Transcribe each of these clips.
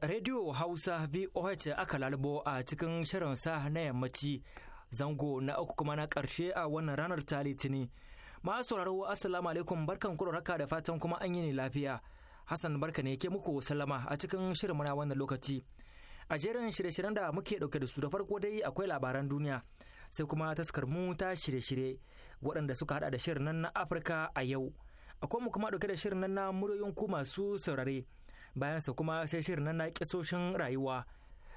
Radio Hausa VOH aka lalubo a cikin shirin sa na yammaci zango na uku kuma na ƙarshe a wannan ranar ta litini. Masu sauraro assalamu alaikum barkan raka da fatan kuma an yi ne lafiya. Hassan barka ne ke muku salama a cikin shirin muna wannan lokaci. A jerin shirye-shiryen da muke ɗauke da su da farko dai akwai labaran duniya sai kuma taskar mu ta shirye-shirye waɗanda suka hada da shirin nan na Afirka a yau. Akwai mu kuma ɗauke da shirin nan na muryoyin ku masu saurare. bayan sa kuma sai shirin na kisoshin rayuwa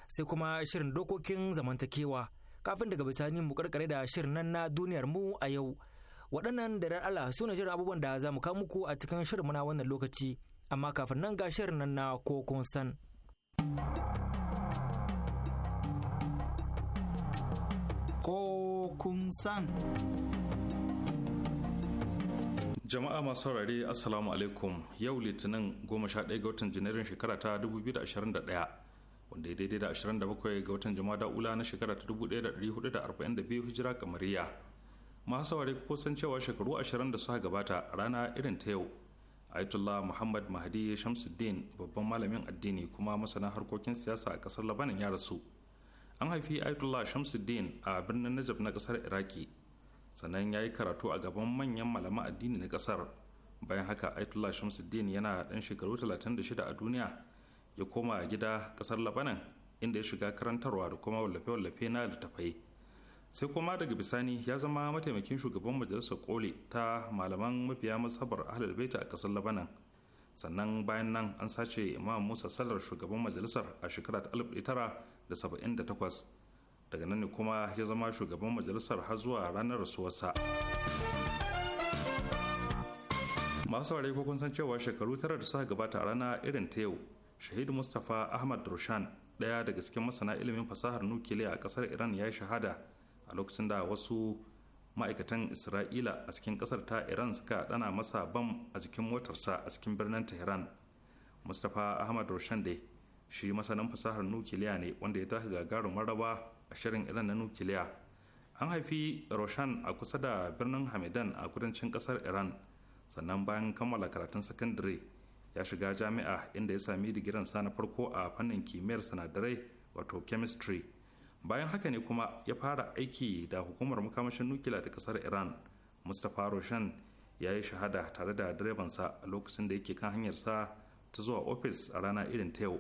sai kuma shirin dokokin zamantakewa kafin daga bisani mu karkare da shirin nan na duniyar mu a yau waɗannan da ran Allah su ne shirin abubuwan da za mu kawo muku a cikin shirin muna wannan lokaci amma kafin nan ga shirin nan na kokon san kokun san jama'a masu saurare assalamu alaikum yau litinin 11 ga watan janairun shekara ta 2021 wanda ya daidai da 27 ga watan jama'a ula na shekara ta 1442 hijira kamariya masu saurare ko san cewa shekaru 20 da suka gabata rana irin ta yau ayatollah muhammad mahdi shamsuddin babban malamin addini kuma masana harkokin siyasa a kasar labanin ya rasu an haifi ayatollah shamsuddin a birnin najab na kasar iraki sannan ya yi karatu a gaban manyan malaman addini na kasar bayan haka aitullah shamsuddin yana dan shekaru 36 a duniya ya koma gida kasar labanan inda ya shiga karantarwa da kuma wallafe-wallafe na littafai sai kuma daga bisani ya zama mataimakin shugaban majalisar koli ta malaman mafiya masabar ahlul baita a kasar labanan sannan bayan nan an sace imam musa sallar shugaban majalisar a shekara ta 1978 daga nan ne kuma ya zama shugaban majalisar har zuwa ranar rasuwarsa masu saurari ko kun san cewa shekaru tara da suka gabata a rana irin ta yau shahidu mustapha ahmad roshan daya daga cikin masana ilimin fasahar nukiliya a kasar iran ya yi shahada a lokacin da wasu ma'aikatan isra'ila a cikin kasar ta iran suka dana masa bam a jikin motarsa a cikin birnin tehran mustapha ahmad roshan dai shi masanin fasahar nukiliya ne wanda ya taka gagarumin raba A shirin iran na nukiliya an haifi roshan a kusa da birnin hamidan a kudancin kasar iran sannan bayan kammala karatun sakandare ya shiga jami'a inda ya sami digiransa na farko a fannin kimiyyar sinadarai wato chemistry bayan haka ne kuma ya fara aiki da hukumar makamashin nukiliya ta kasar iran mustapha roshan ya yi shahada tare da direbansa a lokacin da yake kan hanyarsa ta zuwa ofis a rana irin ta yau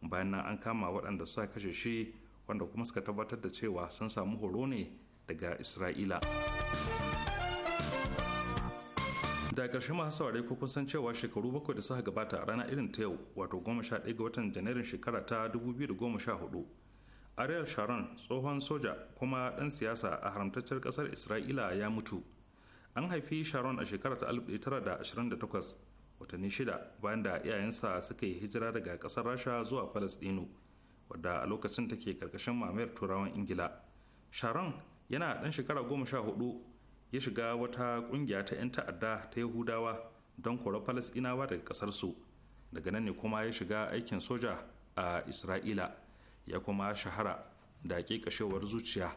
bayan nan an kama waɗanda suka kashe shi wanda kuma suka tabbatar da cewa sun samu horo ne daga isra'ila da ƙarshe masu saurare ko kun san cewa shekaru bakwai da suka gabata a rana irin ta yau wato goma sha ɗaya ga watan janairun shekara ta dubu biyu ariel sharon tsohon soja kuma ɗan siyasa a haramtaccen ƙasar isra'ila ya mutu an haifi sharon a shekara ta 1928 watanni shida bayan da iyayensa suka yi hijira daga ƙasar rasha zuwa falasɗinu wadda a lokacin take karkashin mamayar turawan ingila sharon yana ɗan shekara goma sha hudu ya shiga wata ƙungiya ta 'yan ta'adda ta yahudawa don kora falasɗinawa daga ƙasarsu daga nan ne kuma ya shiga aikin soja a isra'ila ya kuma shahara da kashewar zuciya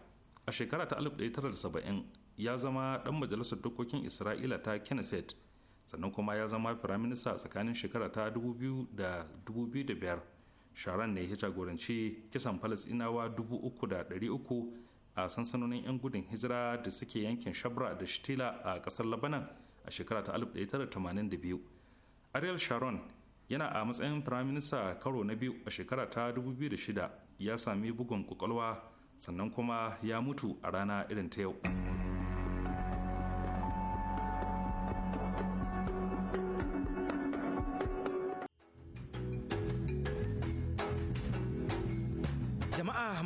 a shekara ta 1970 ya zama ɗan majalisar dokokin isra'ila ta kenneset sannan kuma ya zama firaminista tsakanin shekara ta 2000 da 2005 sharan ne ya jagoranci kisan falasinawa uku a sansanonin 'yan gudun hijira da suke yankin shabra da shtila a kasar labanan a shekara ta 1982 ariel sharon yana a matsayin firaminista karo na biyu a shekara ta 2006 ya sami bugun kwakwalwa sannan kuma ya mutu a rana irin ta yau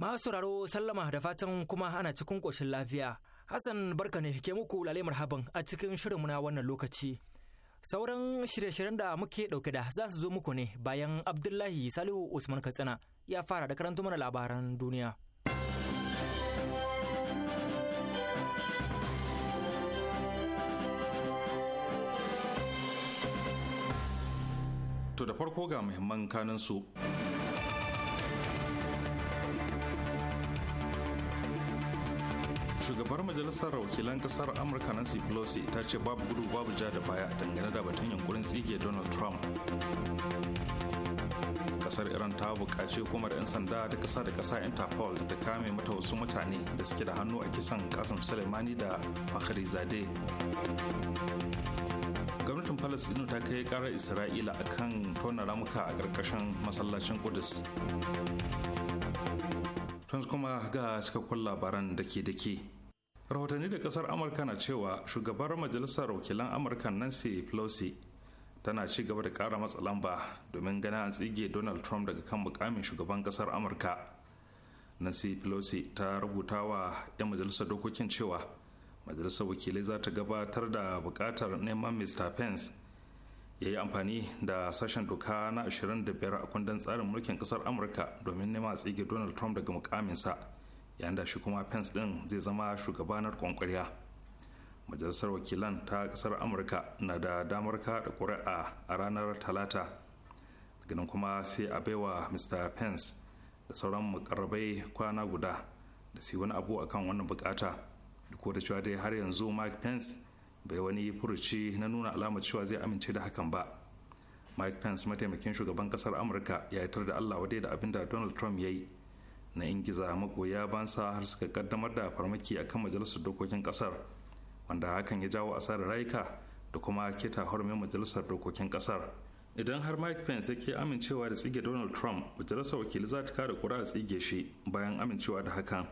Masu sauraro sallama da fatan kuma ana cikin ƙoshin lafiya. Hassan barka ne ke muku lale marhaban a cikin shirinmu na wannan lokaci. Sauran shirye-shiryen da muke ɗauke da za su zo muku ne bayan Abdullahi Salihu Usman Katsina ya fara da karanto mana labaran duniya. To da farko ga muhimman kanunsu. su. shugabar majalisar wakilan kasar amurka nancy pelosi ta ce babu gudu babu ja da baya dangane da batun Yankurin tsige donald trump kasar iran ta buƙaci hukumar 'yan sanda ta ƙasa da ƙasa interpol da kame mata wasu mutane da suke da hannu a kisan kasan suleimani da fakhari zade gwamnatin palestino ta kai karar isra'ila a kan tona ramuka a ƙarƙashin masallacin kudus tun kuma ga cikakkun labaran da dake da rahotanni da kasar amurka na cewa shugabar majalisar wakilan amurka nancy pelosi tana ci gaba da kara matsa lamba domin gana an tsige donald trump daga kan mukamin shugaban kasar amurka nancy pelosi ta rubuta wa 'yan majalisar dokokin cewa majalisar wakilai za ta gabatar da bukatar neman mr pence ya yi amfani da sashen doka na 25 a kundin tsarin mulkin kasar amurka domin neman a tsige donald trump daga mukaminsa yayin da shi kuma pence din zai zama shugabanar kwankwariya majalisar wakilan ta kasar amurka na da damar kaɗa ƙuri'a a ranar talata ganin kuma sai a baiwa mr pence da sauran makarabai kwana guda da su wani abu akan wannan bukata duk da cewa dai har yanzu mike pence bai wani furuci na nuna alamar cewa zai amince da hakan ba mike pence mataimakin shugaban kasar amurka ya tar da allah wadai da abin da donald trump ya yi na ingiza magoya sa har suka kaddamar da farmaki a kan majalisar dokokin kasar wanda hakan ya jawo asarar rayuka da kuma keta hormin majalisar dokokin kasar idan har mike pence yake amincewa da tsige donald trump majalisar wakili za ta kada kura a tsige shi bayan amincewa da hakan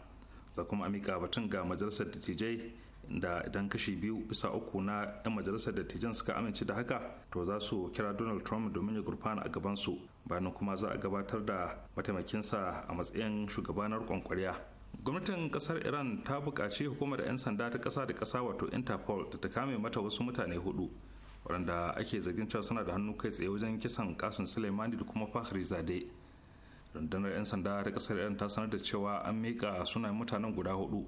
za kuma amika batun ga majalisar dattijai da idan kashi biyu bisa uku na 'yan majalisar dattijan suka amince da haka to za su kira donald trump domin ya gurfana a gabansu bayan kuma za a gabatar da mataimakinsa a matsayin shugabanar kwankwariya gwamnatin kasar iran ta bukaci hukumar 'yan sanda ta kasa da kasa wato interpol da ta kame mata wasu mutane hudu waɗanda ake zargin cewa suna da hannu kai tsaye wajen kisan kasin suleimani da kuma fahri zade rundunar 'yan sanda ta kasar iran ta sanar da cewa an miƙa sunayen mutanen guda hudu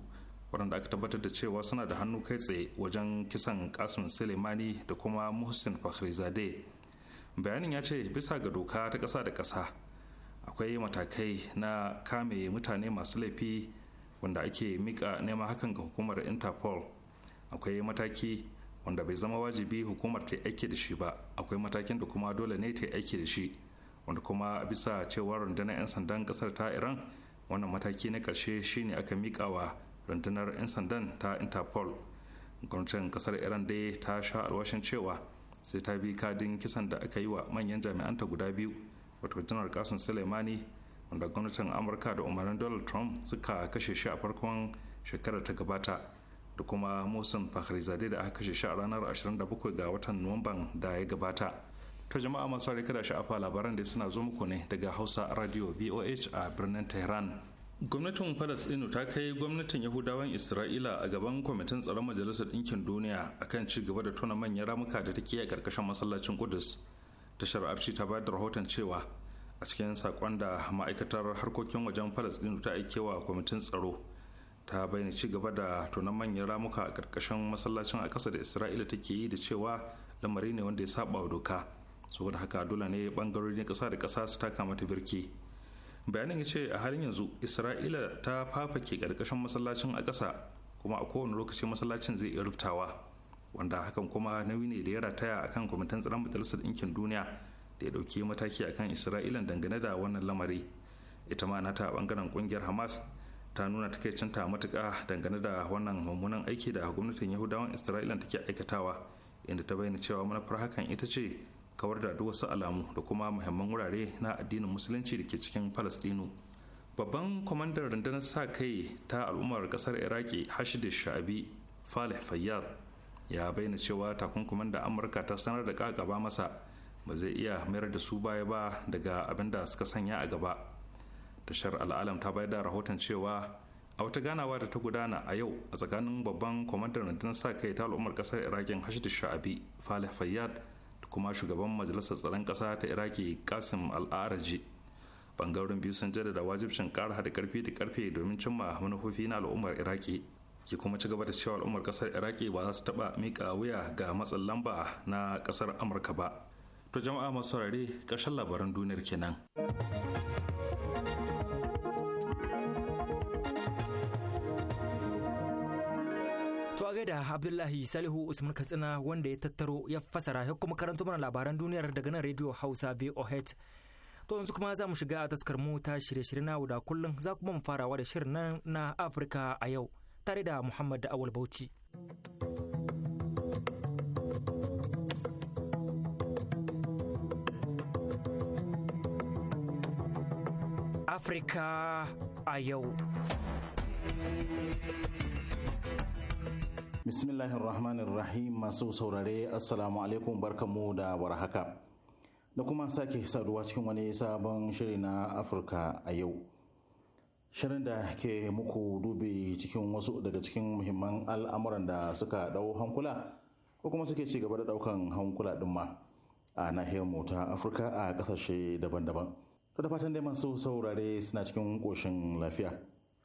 waɗanda aka tabbatar da cewa suna da hannu kai tsaye wajen kisan kasim suleimani da kuma muhsin fakhrizade bayanin ya ce bisa ga doka ta ƙasa da ƙasa akwai matakai na kame mutane masu laifi wanda ake mika neman hakan ga hukumar interpol akwai mataki wanda bai zama wajibi hukumar ta aiki da shi ba akwai matakin da kuma dole ne ta aiki da shi wanda kuma bisa cewar rundunar 'yan sandan ƙasar ta iran wannan mataki na ƙarshe shine aka mikawa rundunar 'yan sandan ta interpol gwamnatin kasar iran dai ta sha alwashin cewa sai ta bi kadin kisan da aka yi wa manyan jami'anta guda biyu wato janar kasun suleimani wanda gwamnatin amurka da umarnin donald trump suka kashe shi a farkon shekarar ta gabata da kuma musin fakhrizade da aka kashe shi a ranar 27 ga watan nuwamban da ya gabata ta jama'a masu kada sha'afa labaran da suna zo muku ne daga hausa radio voh a birnin tehran gwamnatin palestino ta kai gwamnatin yahudawan isra'ila a gaban kwamitin tsaron majalisar ɗinkin duniya akan ci gaba da tona manyan ramuka da take a ƙarƙashin masallacin kudus tashar arci ta bayar da rahoton cewa a cikin sakon da ma'aikatar harkokin wajen palestino ta aike wa kwamitin tsaro ta bayyana ci gaba da tona manyan ramuka a ƙarƙashin masallacin a ƙasa da isra'ila take yi da cewa lamari ne wanda ya saba wa doka saboda haka dole ne bangarorin na ƙasa da ƙasa su taka mata birki bayanin ya ce a halin yanzu isra'ila ta fafake karkashin masallacin a ƙasa kuma a kowane lokaci masallacin zai iya rubtawa wanda hakan kuma nauyi ne da ya rataya akan kwamitin tsaron majalisar ɗinkin duniya da ya ɗauki mataki akan isra'ilan dangane da wannan lamari ita ma nata bangaren ƙungiyar hamas ta nuna takaicinta matuka dangane da wannan mummunan aiki da gwamnatin yahudawan isra'ilan take aikatawa inda ta bayyana cewa manufar hakan ita ce kawar da duk wasu alamu da kuma muhimman wurare na addinin musulunci da ke cikin palestino babban kwamandan rundunar sa kai ta al'ummar kasar iraki hashid sha'abi falih fayyad ya bayyana cewa takunkuman da amurka ta sanar da kakaba masa ba zai iya mayar da su baya ba daga abin da suka sanya a gaba tashar al'alam ta bayar da rahoton cewa a wata ganawa da ta gudana a yau a tsakanin babban kwamandan rundunar sa kai ta al'ummar kasar Iraki, hashid sha'abi falih fayyad kuma shugaban majalisar tsaron ƙasa ta iraki kasim al'araji bangaren biyu sun jaddada wajibcin ƙara haɗa ƙarfi da ƙarfe domin cimma manufofi na al'ummar iraki ki kuma ci gaba da cewa al'ummar ƙasar iraki ba za su taɓa miƙa wuya ga matsin lamba na ƙasar amurka ba to jama'a masu saurari ƙarshen labaran duniyar kenan da Abdullahi Salihu Usman Katsina wanda ya tattaro ya fasara ya kuma karanto mana labaran duniyar daga nan Radio Hausa BOH. To yanzu kuma za mu shiga a taskar mu ta shirye-shirye na da kullum za kuma mu farawa da shirin nan na Afirka a yau tare da Muhammad Awal Bauchi. Afirka a yau. Bismillahirrahmanirrahim masu saurare assalamu alaikum barkamu da warhaka da kuma sake saduwa cikin wani sabon shiri na Afirka a yau. Shirin da ke muku dubi cikin wasu daga cikin muhimman al'amuran da suka dau hankula ko kuma suke ci gaba da daukan hankula din ma a nahiyar mu ta Afirka a kasashe daban-daban. To da fatan dai masu saurare suna cikin koshin lafiya.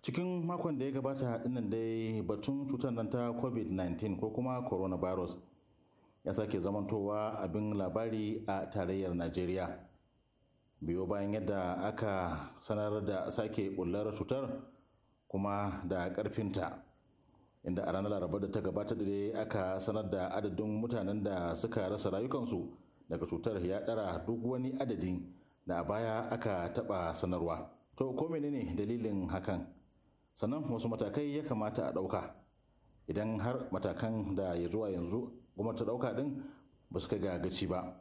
cikin makon da ya gabata dinnan dai batun cutar nan ta covid-19 ko kuma coronavirus ya sake zamantowa abin labari a tarayyar najeriya biyo bayan yadda aka sanar da sake bullar cutar kuma da karfinta inda a ranar laraba da ta gabata da dai aka sanar da adadin mutanen da suka rasa rayukansu daga cutar ya dara duk wani adadin da a baya aka taɓa sanarwa to ko menene dalilin hakan sannan wasu matakai ya kamata a ɗauka idan har matakan da ya zuwa yanzu gwamnati ɗauka ɗin ba su kai ga gaci ba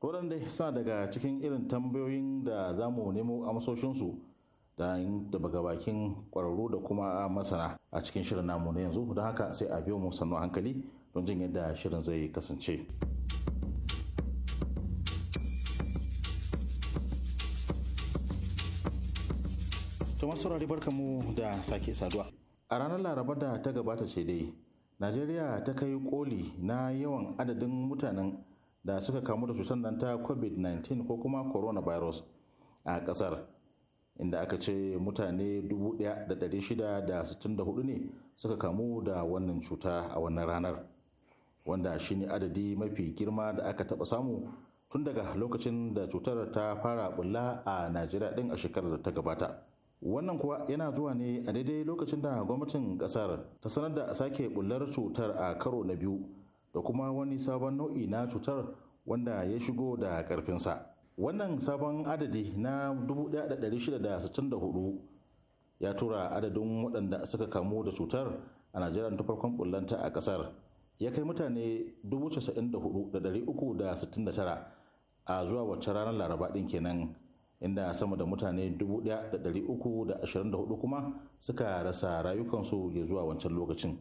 da sa daga cikin irin tambayoyin da za mu nemo amsoshinsu da baga bakin ƙwararru da kuma masana a cikin shirin namu na yanzu don haka sai a biyo mu sannu hankali don jin yadda shirin zai kasance. to Saurari saurari barkamu da sake saduwa a ranar laraba da ta gabata ce dai najeriya ta kai koli na yawan adadin mutanen da suka kamu da cutar nan ta covid-19 ko kuma coronavirus a ƙasar inda aka ce mutane 1,664 ne suka kamu da wannan cuta a wannan ranar wanda shine adadi mafi girma da aka taba samu tun daga lokacin da cutar ta fara bulla a najeriya din a shekarar da ta gabata wannan kuwa yana zuwa ne a daidai lokacin da gwamnatin kasar ta sanar da sake bullar cutar a karo na biyu da kuma wani sabon nau'i na cutar wanda ya shigo da karfinsa wannan sabon adadi na 1664 ya tura adadin waɗanda suka kamu da cutar a najeriya ta farkon bullanta a kasar ya kai mutane 94,369 a zuwa wacce ranar laraba ɗin kenan inda sama da mutane 1,324 kuma suka rasa rayukansu ya zuwa wancan lokacin.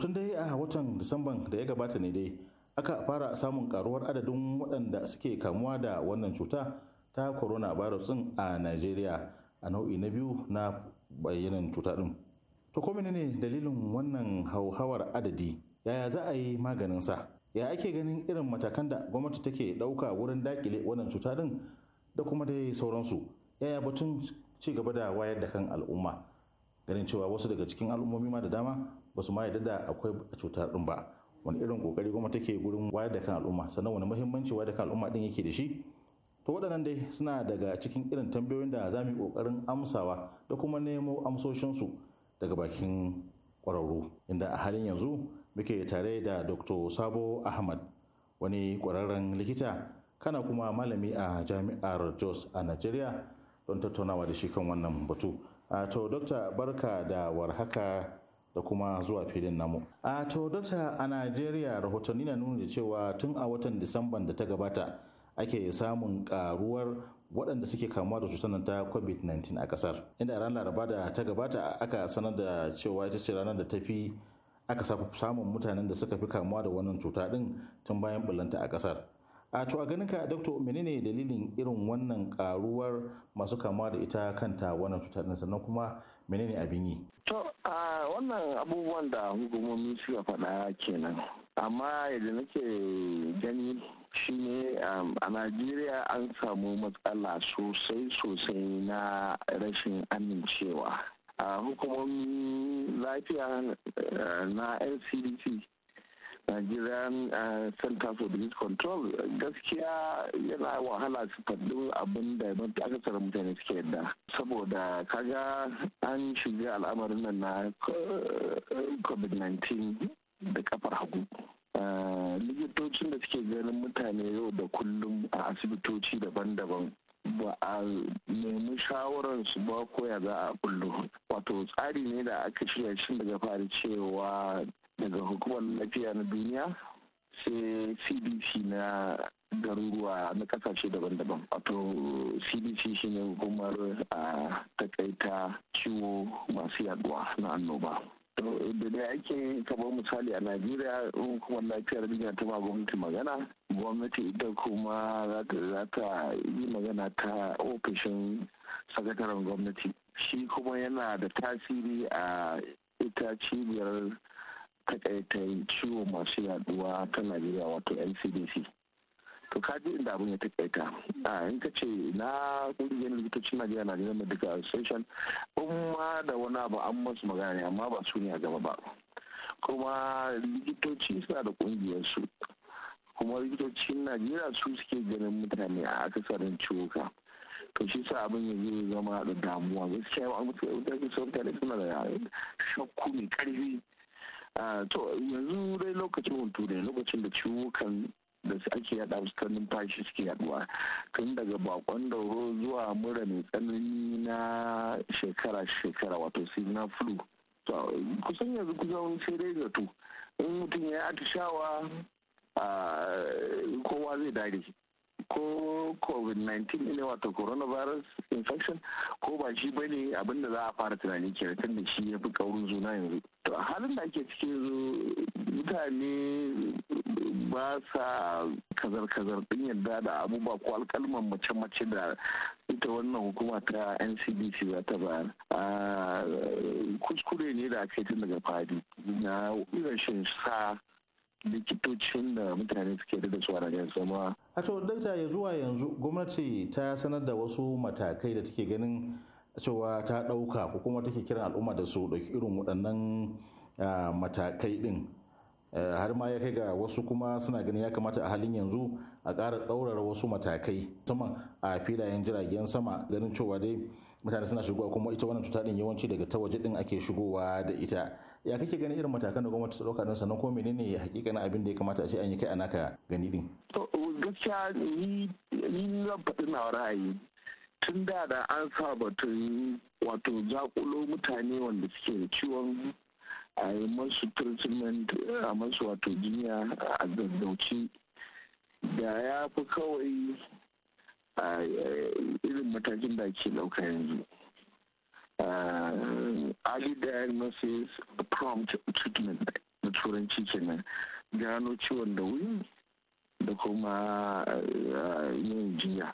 tun dai a watan Disamban da ya gabata ne dai aka fara samun karuwar adadin waɗanda suke kamuwa da wannan cuta ta coronavirus ɗin a Najeriya a nau'i na biyu na bayyanan cuta ɗin. To ko ne dalilin wannan hauhawar adadi? Yaya za a yi maganinsa? Ya ake ganin irin matakan da gwamnati take ɗauka wurin dakile wannan cuta din? da kuma dai sauransu yaya batun ci gaba da wayar da kan al'umma ganin cewa wasu daga cikin al'ummomi ma da dama ba su ma yadda da akwai cuta din ba wani irin kokari kuma take gurin wayar da kan al'umma sannan wani muhimmanci wayar da kan al'umma din yake da shi to waɗannan dai suna daga cikin irin tambayoyin da za mu yi ƙoƙarin amsawa da kuma nemo amsoshinsu daga bakin ƙwararru inda a halin yanzu muke tare da dr sabo ahmad wani ƙwararren likita kana kuma malami a jami'ar jos a nigeria don tattaunawa da shi kan wannan batu a to dokta barka da warhaka da kuma zuwa filin namu a to dokta a nigeria rahotanni na nuna da cewa tun a watan disamban da ta gabata ake samun karuwar waɗanda suke kamuwa da cutar ta covid-19 a ƙasar inda a ranar laraba da ta gabata aka sanar da cewa ita ce ranar da ta fi aka samun mutanen da suka fi kamuwa da wannan cuta ɗin tun bayan bulanta a ƙasar a to a ganin ka menene dalilin irin wannan karuwar masu kama da ita kanta wannan cutar sannan kuma menene abin yi to a wannan abubuwan da hukumomi suka faɗa kenan amma yadda nake gani shine um, a najeriya an samu matsala sosai sosai na rashin amincewa a hukumomin lafiya eh, na ncdc Nigerian Center for Disease Control gaskiya yana wahala su faɗi abin da mafi akasar mutane suke yadda. Saboda kaga an shiga al'amarin nan na eh, COVID-19 da kafar hagu. Eh, Ligitocin da suke ganin mutane yau da kullum a asibitoci daban-daban ba a nemi su ba ko ya za a kullum. wato tsari ne da aka shirya shi daga fari cewa daga hukumar lafiya na duniya sai cdc na garuruwa na kasashe daban-daban wato cdc shine hukumar a takaita ciwo masu yaduwa na annoba da dai ake kamar misali a najeriya hukumar lafiyar duniya ta ma gwamnati magana gwamnati ita kuma za ta yi magana ta ofishin sakataren gwamnati shi kuma yana da tasiri a ita cibiyar takaitai ciwo masu yaduwa ta najeriya wato ncdc to ka inda abin ya takaita a in ka ce na kungiyar likitocin najeriya na jiran medical association in ma da wani abu an masu magana ne amma ba su ne a gaba ba kuma likitoci suna da su kuma likitocin najeriya su suke ganin mutane a akasarin ka to shi sa abin ya zai zama da damuwa gaskiya ba mutane suna da shakku mai karfi Ah, to yanzu dai lokacin ne lokacin da ciwukan da ake yada fuskar numfashi suke yaduwa tun daga bakon dauro zuwa mura mai tsanani na shekara-shekara wato na flu kusan yanzu kusan sai dai zato in mutum ya yi atishawa ah, kowa zai dare ko covid-19 ne wato coronavirus infection ko ba shi ba ne abin da za a fara tunani ke tun da shi ya fi kaurin zuna yanzu to a halin da ake cikin yanzu mutane ba sa kazar-kazar din yadda da abubuwa ko alkalman mace-mace da ita wannan hukuma ta ncdc za ta bayar kuskure ne da aka yi tun daga fadi na irin sa likitocin da mutane suke da su a Najeriya A to daita ya zuwa yanzu gwamnati ta sanar da wasu matakai da take ganin cewa ta ɗauka ko kuma take kiran al'umma da su ɗauki irin waɗannan matakai din. har ma ya kai ga wasu kuma suna ganin ya kamata a halin yanzu a ƙara ɗaurara wasu matakai musamman a filayen jiragen sama ganin cewa dai mutane suna shigowa kuma ita wannan cuta ɗin yawanci daga ta waje ɗin ake shigowa da ita ya kake ganin irin matakan da gwamnati ta dauka don sannan ko menene hakikanin abin da ya kamata a ce an yi kai a naka gani din. to gaskiya ni ni zan faɗi na ra'ayi tun da da an sa batun wato zakulo mutane wanda suke da ciwon a yi masu treatment a masu wato jinya a zazzauci da ya fi kawai a eh, irin matakin da ke ɗauka yanzu Um, early diagnosis prompt treatment da turanci kenan gano ciwon da wuri da kuma yin jiya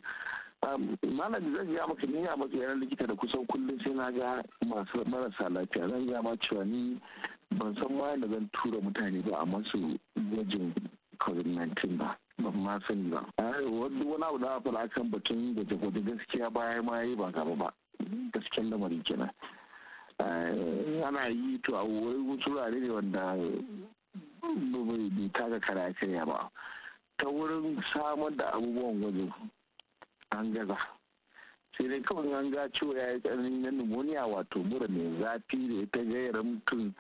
malam zan ya maka ni maka yaran likita da kusan kullum sai na ga masu marasa lafiya zan ya ma cewa ni ban san ma da zan tura mutane ba a masu gwajin covid-19 ba ban ma sani ba wani abu da a fara kan batun gwaje-gwaje gaskiya baya ma yi ba gaba ba Gasken lamari kenan eh, ana yi to a wasu wurare ne wanda bai taka kara karya ba ta wurin samar da abubuwan gwajin an gaza sai dai kawai an ga cewa ya yi tsananin na pneumonia wato mura mai zafi da ta gayyara mutum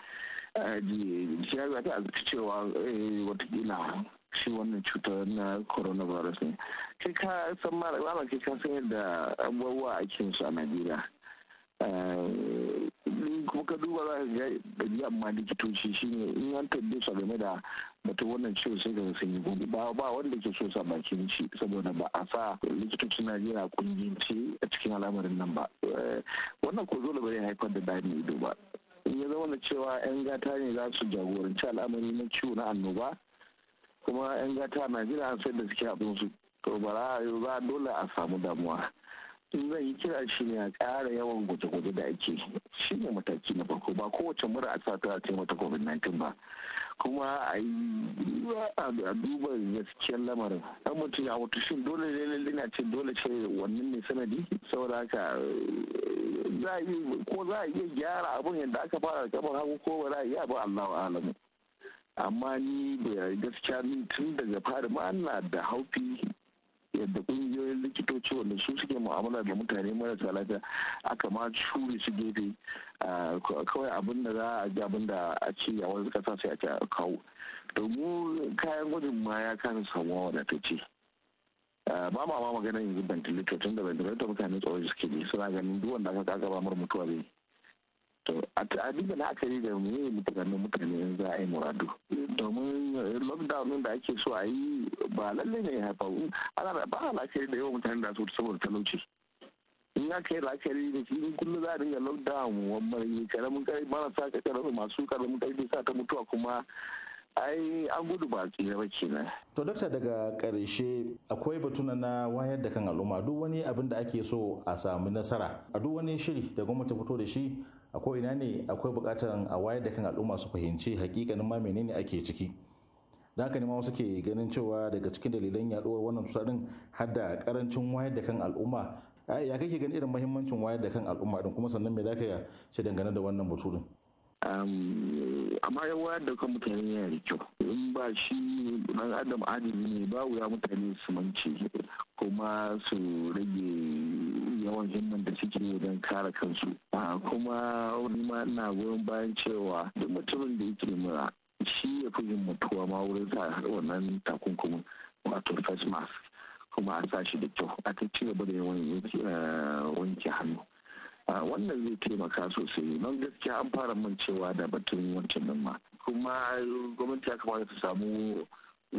ya ta azurci eh, cewa eh, watakila shi wannan cutar na coronavirus ne kai ka san malama kai ka sayar da abubuwa a cikin su a najeriya eh, ni kuma ka duba za ka ga ɗabi'a amma likitoci shine in yan tambaye su game da mutum wannan ciwo sai ga sun yi gudu ba ba wanda ke so sa bakin shi saboda ba a sa likitocin najeriya kungiyance a cikin al'amarin nan ba eh, wannan ko zo da bai haifar da dani ido ba in ya zama da cewa 'yan gata ne za su jagoranci al'amari na ciwo na annoba kuma 'yan gata a najeriya an sayar da suke abin su to bara za dole a samu damuwa in zan yi kira shi ne a ƙara yawan gwaje-gwaje da ake shi ne mataki na farko ba kowace mura a sa ta ce mata covid-19 ba kuma a yi a duba gaskiyar lamarin dan mutum ya mutu shin dole ne na ce dole ce wannan ne sanadi saboda haka za a yi ko za a iya gyara abin yadda aka fara da kamar hagu ko ba za a iya allah wa alamu amma ni da gaskiya ni tun daga fari ma ana da haufi yadda kungiyoyin likitoci wanda su suke mu'amala da mutane marasa lafiya aka ma shuri su gefe kawai abin da za a ji abin da a ce a wani kasa sai a kawo domin kayan gwajin ma ya kana samuwa ce ba ma ma magana yanzu ventilator tun da ventilator mutane tsawon suke ne suna ganin duk wanda aka kaga ba mutuwa ne a da la'akari da meye mutanen mutane yanzu za a yi muradu domin eh, lockdown da ake so a yi ba lalle ne ya haifa ba a la'akari da yawan mutane da su saboda talauci in ya kai la'akari da shi in kullum za a dinga lockdown wani karamin kai sa ka karamin masu karamin kai sa ta mutuwa kuma ai an gudu ba tsira ba kenan. To dakta daga karshe akwai batuna na wayar da kan al'umma duk wani abin da ake so a sami nasara a duk wani shiri da gwamnati fito da shi a ko ina ne akwai buƙatar a wayar da kan al'umma su fahimci hakikanin ma menene ake ciki da haka ne ma suke ganin cewa daga cikin dalilan yaduwar wannan cuta din har da karancin wayar da kan al'umma ya kake ganin irin mahimmancin wayar da kan al'umma din kuma sannan me zaka ce dangane da wannan batu din amma ya wayar da kan mutane ya da kyau in ba shi dan adam adili ne ba wuya mutane su mance kuma su rage yawan himman da suke don kare kansu kuma ma ina goyon bayan cewa duk mutumin da yake mura shi ya fi yin mutuwa ma wurin sa wannan takunkumin wato face mask kuma a sa shi da kyau a ta ci gaba da yawan eh, wanke hannu wannan zai taimaka sosai don gaskiya an fara mancewa da batun wancan nan ma kuma eh, gwamnati ya kamata ta samu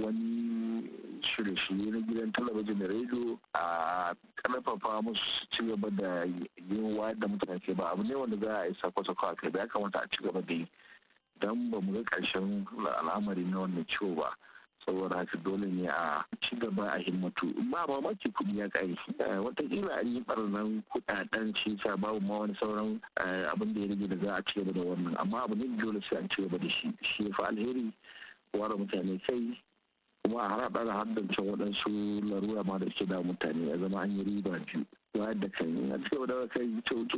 wani shirye-shirye na gidan talabijin da rediyo a karfafa musu su ci gaba da yin wayar da mutane ke ba abu ne wanda za a yi sakwasakwa a kai ba ya kamata a ci gaba da yi don ba mu ga ƙarshen al'amari na wannan ciwo ba saboda haka dole ne a ci gaba a himmatu ba mamaki kuɗi ya kai eh, watakila an yi barnan kuɗaɗen ci sa babu ma wani sauran eh, abin da ya rage da za a ci gaba da wannan amma abu ne dole sai an ci gaba da shi shi fa alheri wara mutane kai kuma a haɗa da wadansu waɗansu larura ma da suke da mutane ya zama an yi riba biyu wayar da kai na cikin da kai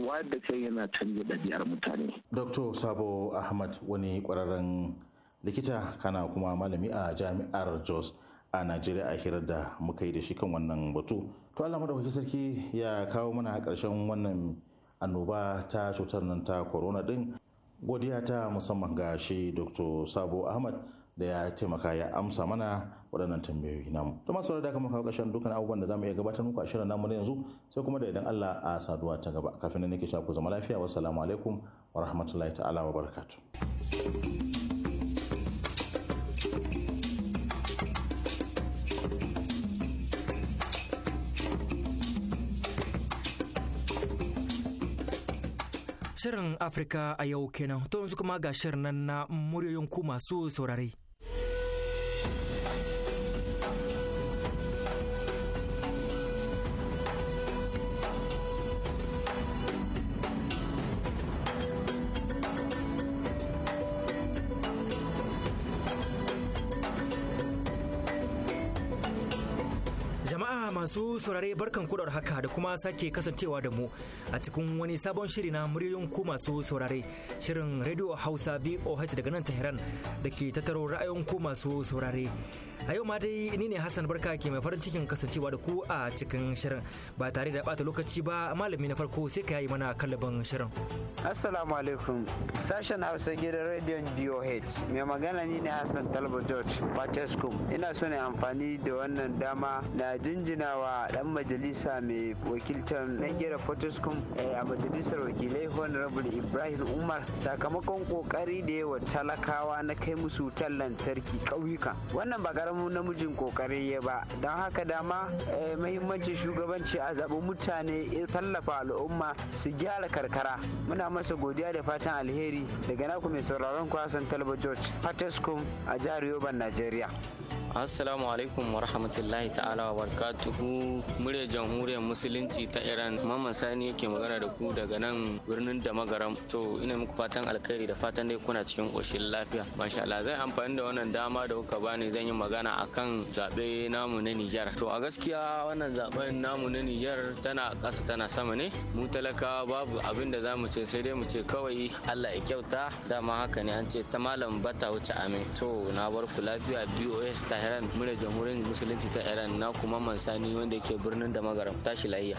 wayar da kai yana canza ɗabi'ar mutane. Dr. Sabo Ahmad wani ƙwararren likita kana kuma malami a jami'ar Jos a Najeriya a hirar da muka yi da shi kan wannan batu. To Allah madawaki sarki ya kawo mana ƙarshen wannan annoba ta cutar nan ta corona din godiya ta musamman ga shi Dr. Sabo Ahmad da ya taimaka ya amsa mana waɗannan tambayoyi namu to masu da kuma kawo ƙarshen dukkan abubuwan da za mu iya gabatar muku a shirin namu na yanzu sai kuma da idan Allah a saduwa ta gaba kafin nan nake cewa zama lafiya wassalamu alaikum wa rahmatullahi ta'ala wa barakatu. Shirin Afirka a yau kenan, to yanzu kuma ga shirin nan na muryoyin ku masu saurare. saurare barkan kudar haka da kuma sake kasancewa da mu a cikin wani sabon shiri na muryoyin ku masu saurare shirin Radio Hausa boh daga nan Tehran da ke tattaro ra'ayoyin ku masu saurare. A yau ma dai ni ne Hassan Barka ke mai farin cikin kasancewa da ku a cikin shirin ba tare da bata lokaci ba malami na farko sai ka yi mana kallaban shirin. Assalamu alaikum sashen Hausa gidan rediyon BOH mai magana ni ne Hassan Talba George Patescu ina so ne amfani da wannan dama na jinjinawa dan majalisa mai wakiltar Nigeria Patescu eh, a majalisar wakilai Honorable Ibrahim Umar sakamakon kokari da yawa talakawa na kai musu wutar lantarki ƙauyuka wannan ba karamin namijin kokari ya ba don haka dama eh, mahimmancin shugabanci a zaɓi mutane ya tallafa al'umma su gyara karkara muna masa godiya da fatan alheri daga naku mai sauraron kwasan talba george patescom a jihar yoban najeriya Assalamu alaikum wa rahmatullahi ta'ala wa barakatuhu murya jamhuriyar musulunci ta Iran Mamman Sani yake magana da ku daga nan birnin da magaram to ina muku fatan alkhairi da fatan dai kuna cikin koshin lafiya masha Allah zai amfani da wannan dama da kuka bani zan yi magana magana kan zaɓe namu na Nijar. To a gaskiya wannan zaɓen namu na Nijar tana ƙasa tana sama ne. Mu talaka babu abin da za mu ce sai dai mu ce kawai Allah ya kyauta dama haka ne an ce ta malam bata wuce amin. To na bar ku lafiya BOS ta Iran mura jamhuriyar musulunci ta Iran na kuma Mansani wanda yake birnin da magaram tashi lafiya.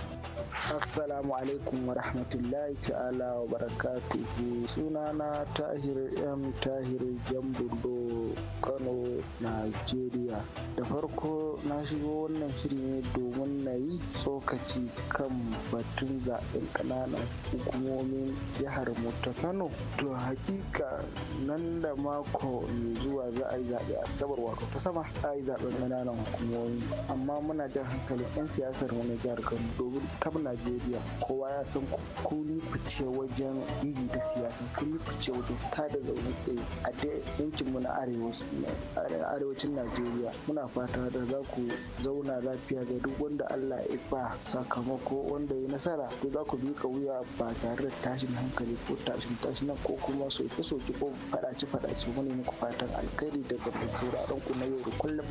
Assalamu alaikum wa rahmatullahi ta'ala wa barakatuhu sunana Tahir M Tahir Jambudo Kano Najeriya. Najeriya. Da farko na shigo wannan shiri ne domin na yi tsokaci kan batun zaɓen ƙananan hukumomin jihar mu Kano. To hakika nan da mako mai zuwa za a yi zaɓe a sabar wato ta sama a yi zaɓen ƙananan hukumomi. Amma muna jan hankalin 'yan siyasar mu na jihar Kano domin kam Najeriya kowa ya san kun fice wajen yi da siyasa kun fice wajen tada zaune tsaye a dai yankin mu na arewacin Najeriya. najeriya muna fata da za ku zauna lafiya ga duk wanda allah ya ba sakamako wanda ya nasara ko za ku miƙa wuya ba tare da tashin hankali ko tashin tashin ko kuma soke soke ko faɗace faɗace mune muku fatan alkhairi daga mai sauraron ku na yau da kullum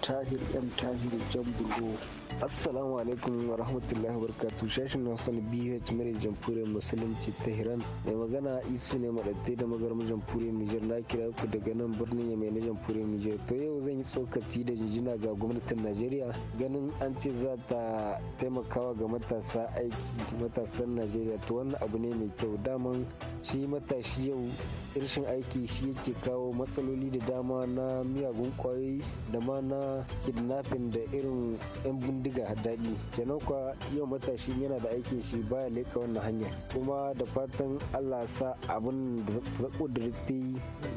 tahir m tahir jan bulo assalamu alaikum wa rahmatullahi wa barakatuh shashin na bh mare jamhuriyar musulunci tahiran mai magana isu ne maɗaɗɗe da magarmar jamhuriyar nijar na kira ku daga nan birnin yamai na jamhuriyar nijar to yau zan yin tsokaci da jinjina ga gwamnatin najeriya ganin an ce za ta taimakawa ga matasa aiki matasan najeriya to wannan abu ne mai kyau daman shi matashi yau irshin aiki shi yake kawo matsaloli da dama na miyagun kwayoyi da ma na kidnapping da irin 'yan bindiga daɗi kenan kwa yau matashi yana da aikin shi baya leka wannan hanya kuma da fatan allah sa abin da ta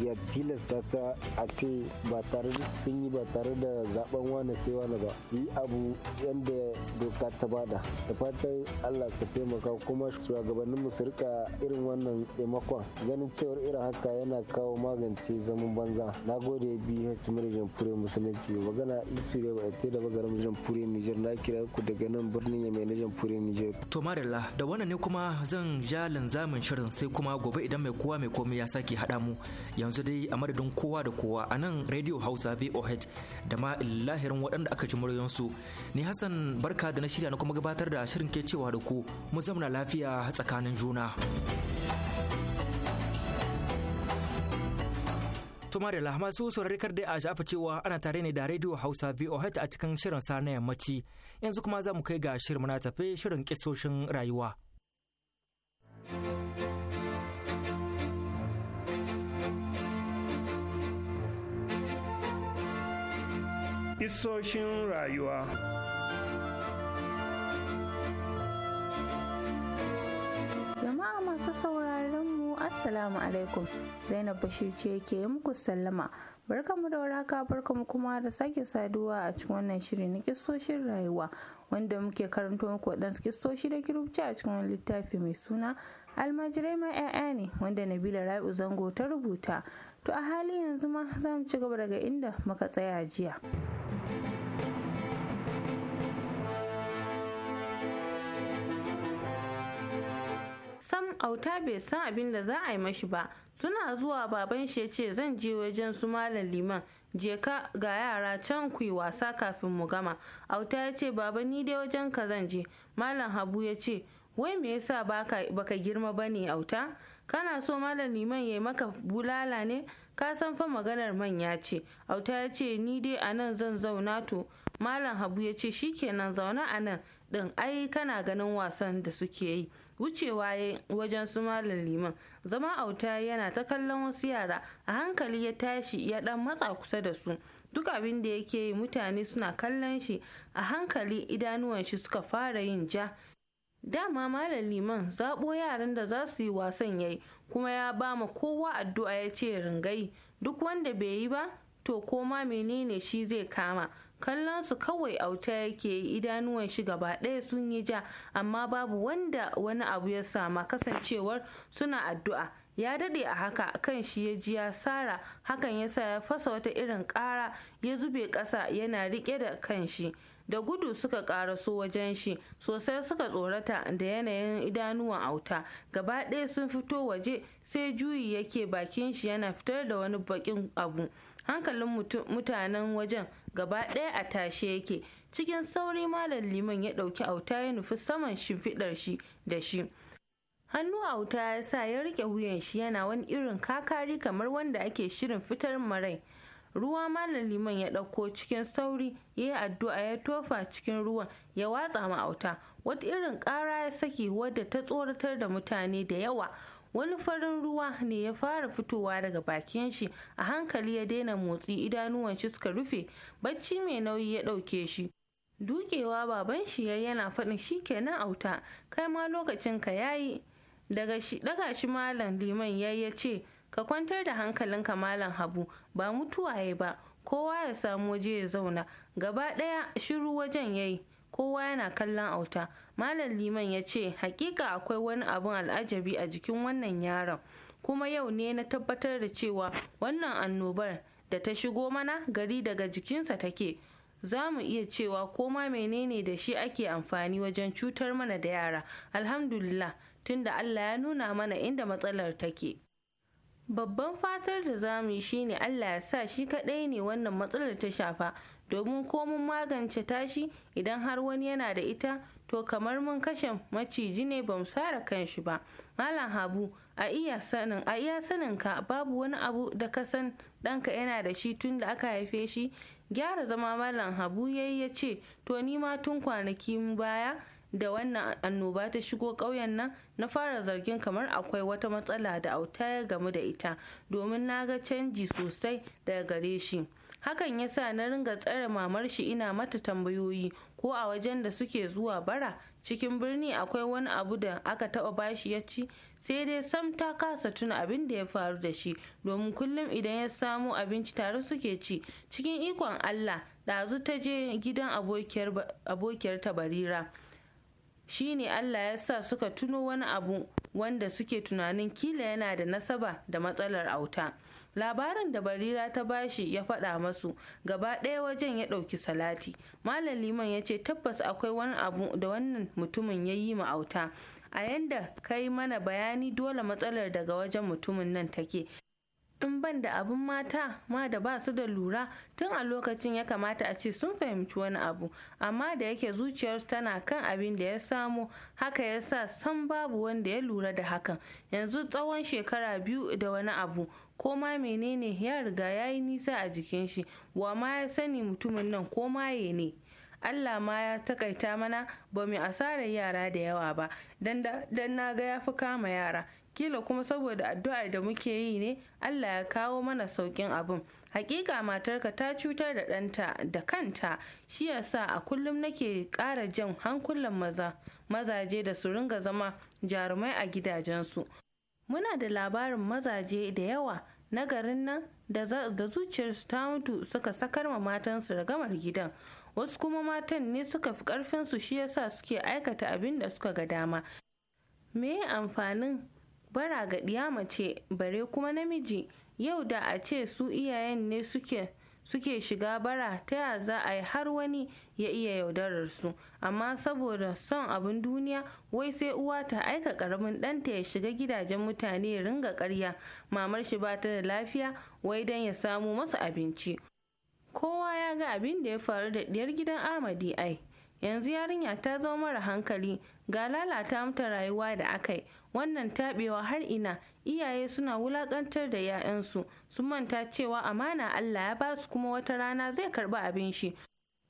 ya tilasta ta a ce ba tare da sun yi ba tare da zaben wani sai wani ba yi abu yadda doka ta bada da fatan allah ka taimaka kuma shugabannin mu su rika irin wannan taimakon ganin cewar irin haka yana kawo magance zaman banza na gode bh manajan fure musulunci magana isu da ba da bagarin jamfure nijar na kira ku daga nan birnin yamai na jamfure nijar to marilla da wannan ne kuma zan ja linzamin shirin sai kuma gobe idan mai kowa mai komai ya sake haɗa mu yanzu dai a madadin kowa da kowa a nan radio hausa voh voh da ma lahirin waɗanda aka ji muryoyinsu ni hassan barka da na shirya na kuma gabatar da shirin ke cewa da ku mu zamna lafiya tsakanin juna Tuma da lahama su saurari kar da a shafa cewa ana tare ne da Radio Hausa VOH a cikin shirin sa na yammaci yanzu kuma za mu kai ga shirin muna tafe shirin kisoshin rayuwa. Isoshin rayuwa. Jama'a masu sauraron mu Assalamu alaikum Zainab Bashir ce ke muku sallama. barka Barkamu da waraka barkamu kuma da sake saduwa a cikin wannan shiri na kistoshin rayuwa wanda muke karanto muku waɗansu kistoshi da kirubci a cikin wani littafi mai suna almajirai ma 'ya'ya ne wanda Nabila rai'u Zango ta rubuta to a hali yanzu ma za mu ci gaba daga inda muka tsaya jiya sam auta bai san abin da za a yi mashi ba suna zuwa baban shi ya ce zan je wajen su malam liman je ka ga yara can ku yi wasa kafin mu gama auta ya ce baba ni dai wajen ka zan je malam habu ya ce wai me yasa baka girma bane auta kana so malam liman ya maka bulala ne ka san fa maganar manya ce auta ya ce ni dai a nan zan zauna to malam habu ya ce shi shikenan zauna a nan din ai kana ganin wasan da suke yi wucewa ya wajen su malam liman zama auta yana ta kallon wasu yara a hankali ya tashi ya ɗan matsa kusa da su duk abin da yake yi mutane suna kallon shi a hankali idanuwan shi suka fara yin ja dama malam liman zaɓo yaran da za su yi wasan yayi kuma ya ba ma kowa addu'a ya ce ringai duk wanda bai yi ba to koma menene shi zai kama kallon su kawai auta yake yi idanuwan shi gaba ɗaya sun yi ja amma babu wanda wani abu ya sama kasancewar suna addu'a ya daɗe a haka kan shi ya ji ya sara hakan ya sa ya fasa wata irin ƙara ya zube ƙasa yana riƙe da kan shi da gudu suka karaso wajen shi sosai suka tsorata da yanayin idanuwan auta gaba ɗaya sun fito waje sai juyi yake bakin shi yana fitar da wani bakin abu hankalin mutanen wajen gaba ɗaya a tashe yake cikin sauri malam liman ya ɗauki auta ya nufi saman shimfiɗar shi da shi hannu auta ya sa ya rike wuyan shi yana wani irin kakari kamar wanda ake shirin fitar marai ruwa malam liman ya ɗauko cikin sauri ya yi addu'a ya tofa cikin ruwan ya watsa ma auta wata irin ƙara ya saki wadda ta tsoratar da mutane da yawa wani farin ruwa ne ya fara fitowa daga bakin shi a hankali ya daina motsi idanuwan shi suka rufe bacci mai nauyi ya ɗauke shi dukewa baban shi ya yana faɗin shi kenan auta kai ma lokacin ka yayi daga shi malam liman ya ce ka kwantar da hankalinka malam habu ba mutuwa ya ba kowa ya samu waje ya zauna gaba ɗaya shiru wajen yayi kowa yana kallon auta malam liman ya ce hakika akwai wani abun al'ajabi a jikin wannan yaron kuma yau ne na tabbatar da cewa wannan annobar da ta shigo mana gari daga jikinsa take za mu iya cewa koma menene da shi ake amfani wajen cutar mana da yara alhamdulillah tunda allah ya nuna mana inda matsalar take babban fatar da za mu yi shine allah ya sa shi kaɗai ne wannan matsalar ta shafa domin ko mun magance tashi idan har wani yana da ita to kamar mun kashe maciji ne ba mu sare shi ba malam habu a iya sanin a iya sanin ka babu wani abu da ka san ɗanka yana da shi tun da aka haife shi gyara zama malam habu yayi ya ce to ni ma tun kwanaki baya da wannan annoba ta shigo ƙauyen nan na fara zargin kamar akwai wata matsala da auta ya gamu da ita domin na ga canji sosai daga gare shi hakan ya sa na ringa tsare mamar shi ina mata tambayoyi ko a wajen da suke zuwa bara cikin birni akwai wani abu da aka taɓa bashi ya ci sai dai sam ta kasa tuna abin da ya faru da shi domin kullum idan ya samo abinci tare suke ci cikin ikon allah ɗazu ta je gidan abokiyar ta barira shine Allah ya sa suka tuno wani abu wanda suke tunanin kila yana da nasaba da matsalar auta labarin da barira ta bashi ya faɗa masu gaba ɗaya wajen ya ɗauki salati malam liman ya ce tabbas akwai wani abu da wannan mutumin ya yi ma'auta. auta a yanda kai mana bayani dole matsalar daga wajen mutumin nan take in ban da abun mata ma da ba su da lura tun a lokacin ya kamata a ce sun fahimci wani abu amma da yake zuciyarsu tana kan abin da ya samo haka ya sa san babu wanda ya lura da hakan yanzu tsawon shekara biyu da wani abu ko ma menene ya riga ya yi nisa a jikin shi wa ma ya sani mutumin nan ko ma ne Allah ma ya takaita mana ba mu asarar yara da yawa ba dan na ga ya fi kama yara kila kuma saboda addu'ar da muke yi ne Allah ya kawo mana saukin abin hakika matarka ta cutar da ɗanta da kanta shi yasa a kullum nake ƙara jan hankulan maza mazaje da su ringa zama jarumai a gidajensu muna da labarin mazaje da yawa na garin nan da zuciyarsu ta mutu suka sakar ma matansu da gamar gidan wasu kuma matan ne suka fi ƙarfinsu shi yasa suke aikata abin da suka ga dama me amfanin bara ga ɗiya mace bare kuma namiji yau da a ce su iyayen ne suke suke shiga bara ta ya za a yi har wani ya iya yaudarar su amma saboda son abin duniya wai sai uwa ta aika karamin ɗanta ya shiga gidajen mutane ya ringa ƙarya mamar shi ba ta da lafiya wai don ya samu masa abinci kowa ya ga abin da ya faru da ɗiyar gidan amadi ai yanzu yarinya ta zama mara hankali ga lalata mata rayuwa da aka yi wannan taɓewa har ina iyaye suna wulakantar da 'ya'yansu sun manta cewa amana Allah ya basu kuma wata rana zai karɓi abin shi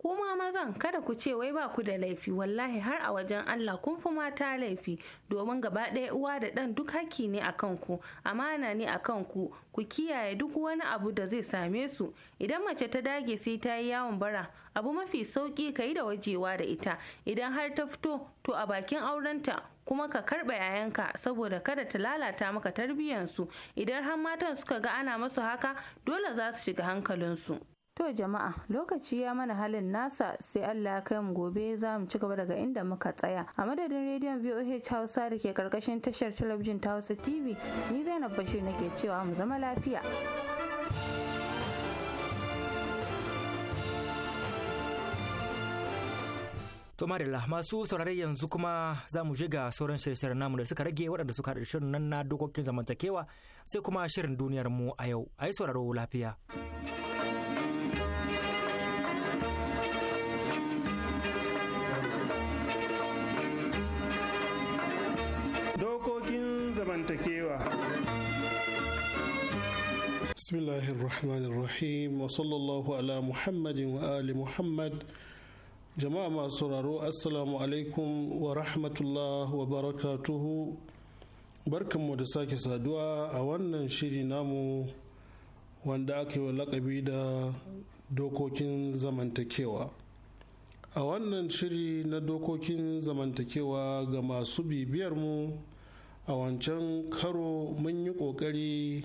ma mazan kada ku ce wai ba ku da laifi wallahi har a wajen Allah kun fi mata laifi domin gaba ɗaya uwa da ɗan duk hakki ne a kanku amana ne a kanku ku kiyaye duk wani abu da zai same su idan mace ta dage sai ta yi yawon bara abu mafi sauki ka yi da wajewa da ita idan har ta fito to a bakin aurenta kuma ka karɓa yayanka saboda kada ta lalata maka tarbiyyansu idan har matan suka ga ana masu haka dole za su shiga hankalinsu To jama'a lokaci ya mana halin nasa sai Allah ya kai mu gobe za mu ci gaba daga inda muka tsaya. A madadin rediyon VOH Hausa da ke karkashin tashar talabijin ta Hausa TV ni Zainab Bashir nake cewa mu zama lafiya. To Marilla masu saurare yanzu kuma za mu ga sauran shirye namu da suka rage waɗanda suka haɗa shirin nan na dokokin zamantakewa sai kuma shirin duniyar mu a yau. a yi sauraro lafiya. bismillahir rahmanir rahim wa sallallahu ala muhammadin wa ali muhammad jama'a masu sauraro assalamu alaikum wa rahmatullah wa barakatuhu barkanmu da sake saduwa a wannan shiri namu wanda aka wa lakabi da dokokin zamantakewa a wannan shiri na dokokin zamantakewa ga masu bibiyar mu a wancan karo mun yi kokari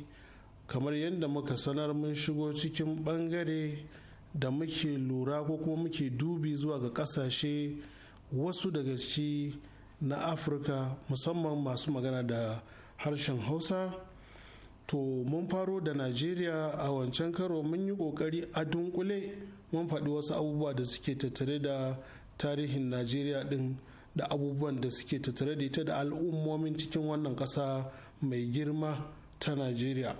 kamar yadda muka sanar mun shigo cikin bangare da muke lura ko kuma muke dubi zuwa ga kasashe wasu daga gaske na afirka musamman masu magana da harshen hausa to mun faro da najeriya a wancan karo mun yi kokari a dunkule mun faɗi wasu abubuwa da suke tattare da tarihin najeriya ɗin da abubuwan da suke tattare da ita da al'ummomin cikin wannan ƙasa mai girma ta najeriya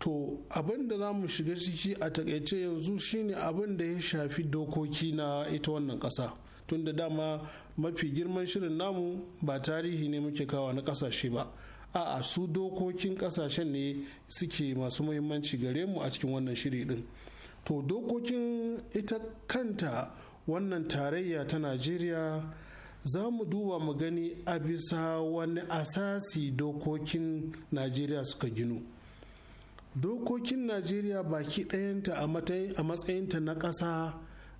to abin da za mu shiga ciki a takaice yanzu shine abin da ya shafi dokoki na ita wannan ƙasa tun da dama mafi girman shirin namu ba tarihi ne muke kawo na ƙasashe ba a'a su dokokin ƙasashen ne suke masu muhimmanci gare mu a cikin wannan shiri ɗin. to dokokin ita kanta wannan tarayya ta najeriya za mu duba mu gani a bisa wani asasi dokokin najeriya suka ginu. dokokin najeriya baki ɗayanta a matsayinta na ƙasa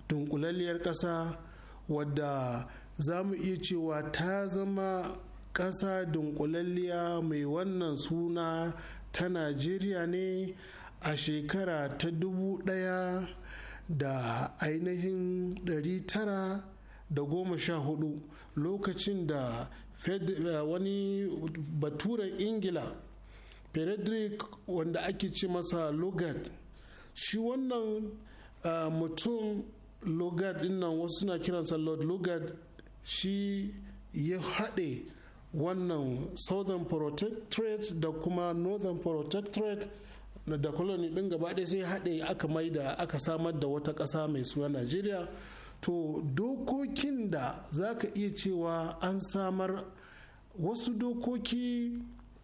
dunkulalliyar ƙasa wadda za mu iya cewa ta zama ƙasa dunkulalliya mai wannan suna ta najeriya ne a shekara ta dubu ɗaya da ainihin ɗari tara da goma sha hudu lokacin da wani baturan ingila frederick wanda ake ce masa logat shi wannan uh, mutum logat dinnan wasu suna kiransa lord logat shi ya haɗe wannan southern protectorate da kuma northern protectorate da colony din gaba ɗaya sai haɗe aka maida aka samar da wata ƙasa mai suna Najeriya to dokokin da za ka iya cewa an samar wasu dokoki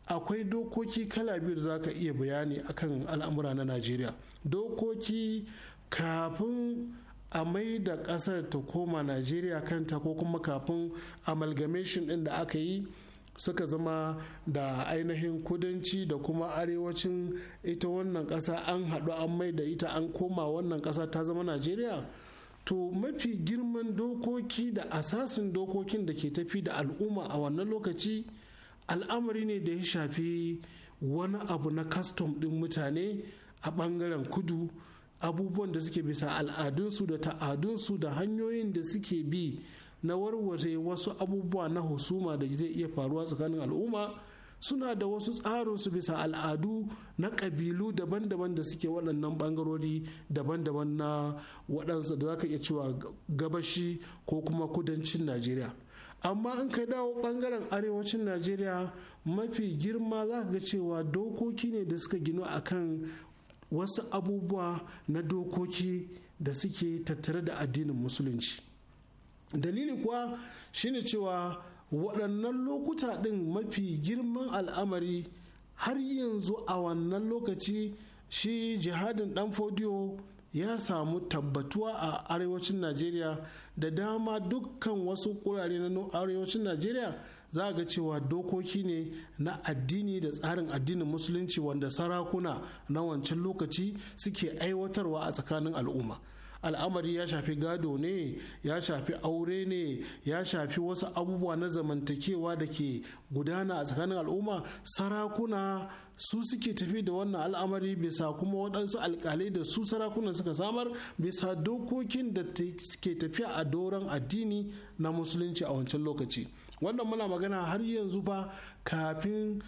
akwai dokoki kala biyu da za ka iya bayani akan al'amura na najeriya dokoki kafin a mai da kasar ta koma najeriya kanta ko kuma kafin amalgamation din da aka yi suka zama da ainihin kudanci da kuma arewacin ita wannan kasa an haɗu an mai da ita an koma wannan kasa ta zama najeriya to mafi girman dokoki da asasin dokokin da ke tafi da al'umma a wannan lokaci al'amari ne da ya shafi wani abu na kastom ɗin mutane a ɓangaren kudu abubuwan da suke bisa al'adunsu da ta'adunsu da hanyoyin da suke bi na warware wasu abubuwa na husuma da zai iya faruwa tsakanin al'umma suna da wasu tsarinsu bisa al'adu na ƙabilu daban-daban da suke waɗannan ɓangarori daban-daban na waɗansu da za ka iya cewa gabashi ko kuma kudancin najeriya amma in ka dawo bangaren arewacin najeriya mafi girma za ga cewa dokoki ne da suka gino akan wasu abubuwa na dokoki da suke tattare da addinin musulunci dalili kuwa shine cewa waɗannan lokuta ɗin mafi girman al'amari har yanzu a wannan lokaci shi jihadin ɗan fodiyo ya samu tabbatuwa a arewacin najeriya da dama dukkan wasu kurare na arewacin najeriya za a ga cewa dokoki ne na addini da tsarin addinin musulunci wanda sarakuna na wancan lokaci suke aiwatarwa a tsakanin al'umma al'amari ya shafi gado ne ya shafi aure ne ya shafi wasu abubuwa na zamantakewa da ke gudana a tsakanin al'umma sarakuna su suke tafi da wannan al'amari bisa kuma waɗansu alƙalai da su sarakunan suka samar bisa dokokin da suke tafiya a doron addini na musulunci a wancan lokaci wannan muna magana har yanzu fa kafin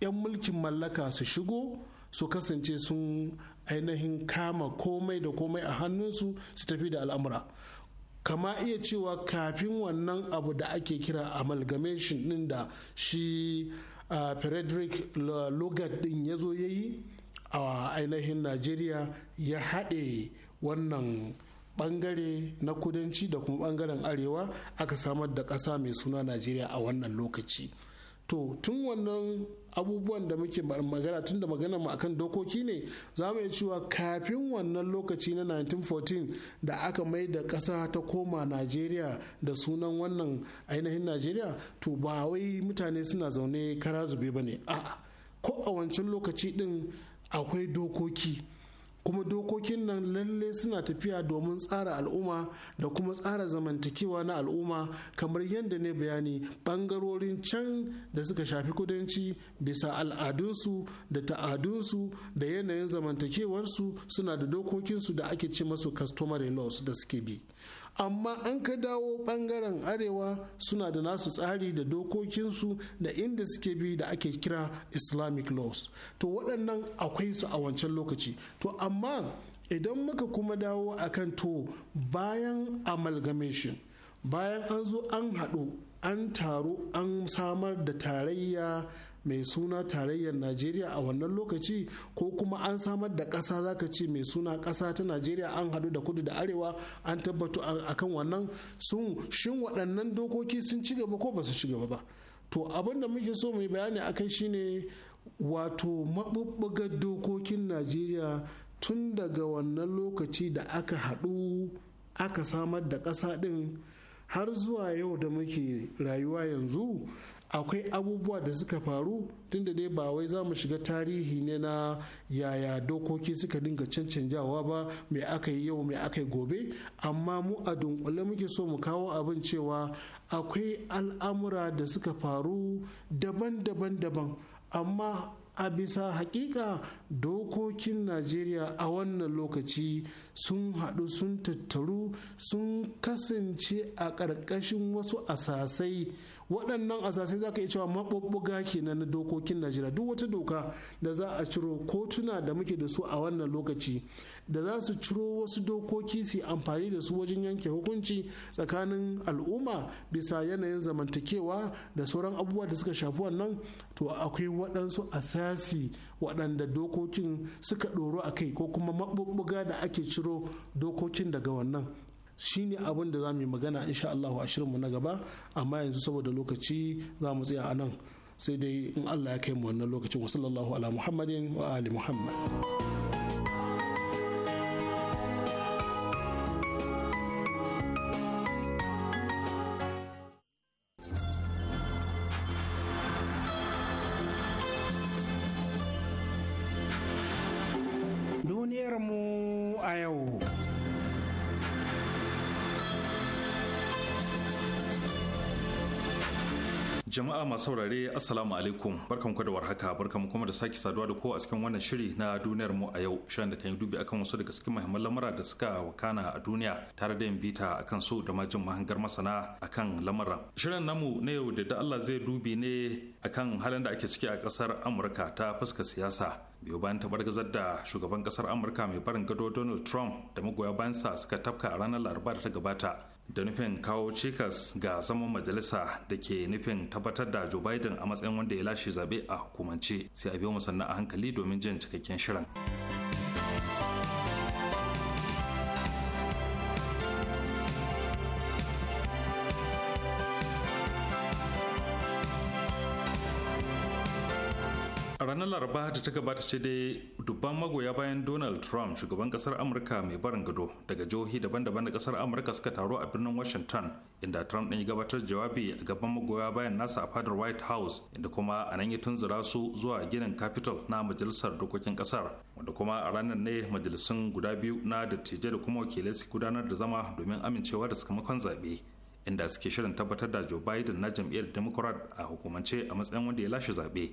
'yan mulkin mallaka su shigo su kasance sun ainihin kama komai da komai a hannunsu su tafi da al'amura kama iya cewa kafin wannan abu da ake kira amalgamation din da shi frederick logat din ya zo ya yi a ainihin najeriya ya haɗe wannan bangare na kudanci da kuma bangaren arewa aka samar da ƙasa mai suna najeriya a wannan lokaci to tun wannan abubuwan da muke magana tun da magana mu akan dokoki ne za mu iya cewa kafin wannan lokaci na 1914 da aka mai da ƙasa ta koma najeriya da sunan wannan ainihin najeriya to ba wai mutane suna zaune kara zube ba ne a'a ko a wancan lokaci din akwai dokoki kuma dokokin nan lalle suna tafiya domin tsara al'umma da kuma tsara zamantakewa na al'umma kamar yadda ne bayani bangarorin can da suka shafi kudanci bisa al'adunsu da ta'adunsu da yanayin zamantakewarsu suna da dokokinsu da ake ce masu customary laws da suke bi amma an ka dawo bangaren arewa suna da nasu tsari da dokokinsu da inda suke bi da ake kira islamic laws to waɗannan akwai su a wancan lokaci to amma idan muka kuma dawo a kan to bayan amalgamation bayan an zo an haɗu an taru an samar da tarayya mai suna tarayyar najeriya a wannan lokaci ko kuma an samar da ƙasa zaka ce mai suna ƙasa ta najeriya an hadu da kudu da arewa an tabbatu akan wannan sun shin waɗannan dokoki sun ci gaba ko ba su ci gaba ba to abin da muke so mai bayani bayani akai shine wato maɓuɓɓugar dokokin najeriya tun daga wannan lokaci da aka haɗu aka samar da ƙasa ɗin har zuwa yau da muke rayuwa yanzu akwai abubuwa da suka faru tun da dai ba wai za mu shiga tarihi ne na yaya dokoki suka dinga cancanjawa ba mai aka yi yau mai aka yi gobe amma mu a dunkule muke so mu kawo abin cewa akwai al'amura da suka faru daban-daban daban amma a bisa hakika dokokin najeriya a wannan lokaci sun haɗu sun tattaru sun kasance a ƙarƙashin wasu asasai waɗannan asasai za ka iya cewa maɓuɓɓuga kenan na dokokin najeriya duk wata doka da za a ciro kotuna da muke da su a wannan lokaci da za su ciro wasu dokoki su amfani da su wajen yanke hukunci tsakanin al'umma bisa yanayin zamantakewa da sauran abubuwa da suka shafi wannan to akwai waɗansu asasi waɗanda dokokin suka ɗoro a kai ko kuma maɓuɓɓuga da ake ciro dokokin daga wannan Shi ne abin da za mu yi magana insha Allah a shirinmu na gaba amma yanzu saboda lokaci za mu tsaya a nan sai dai in Allah ya kai mu wannan lokacin wa sallallahu ala muhammadin wa ali muhammad Jama'a masu saurare Assalamu alaikum barkan ku da warhaka barkan mu kuma da sake saduwa da ku a cikin wannan shiri na duniyar mu a yau shirin da kan yi dubi akan wasu daga cikin muhimman lamura da suka wakana a duniya tare da yin bita akan su da majin mahangar masana akan lamuran. Shirin namu na yau da da Allah zai dubi ne akan halin da ake ciki a kasar Amurka ta fuska siyasa. biyu bayan tabargazar da shugaban kasar Amurka mai barin gado Donald Trump da magoya bayansa suka tafka a ranar Laraba da ta gabata da nufin kawo cikas ga saman majalisa da ke nufin tabbatar da joe biden a matsayin wanda ya lashe zaɓe a hukumance sai a biyo musanna a hankali domin jin cikakken shirin. ranar laraba da ta gabata ce dai dubban magoya bayan donald trump shugaban kasar amurka mai barin gado daga jihohi daban-daban da kasar amurka suka taru a birnin washington inda trump ɗin ya gabatar jawabi a gaban magoya bayan nasa a fadar white house inda kuma a nan ya tunzura su zuwa ginin capitol na majalisar dokokin kasar wanda kuma a ranar ne majalisun guda biyu na dattijai da kuma wakilai su gudanar da zama domin amincewa da sakamakon zaɓe inda suke shirin tabbatar da joe biden na jam'iyyar democrat a hukumance a matsayin wanda ya lashe zaɓe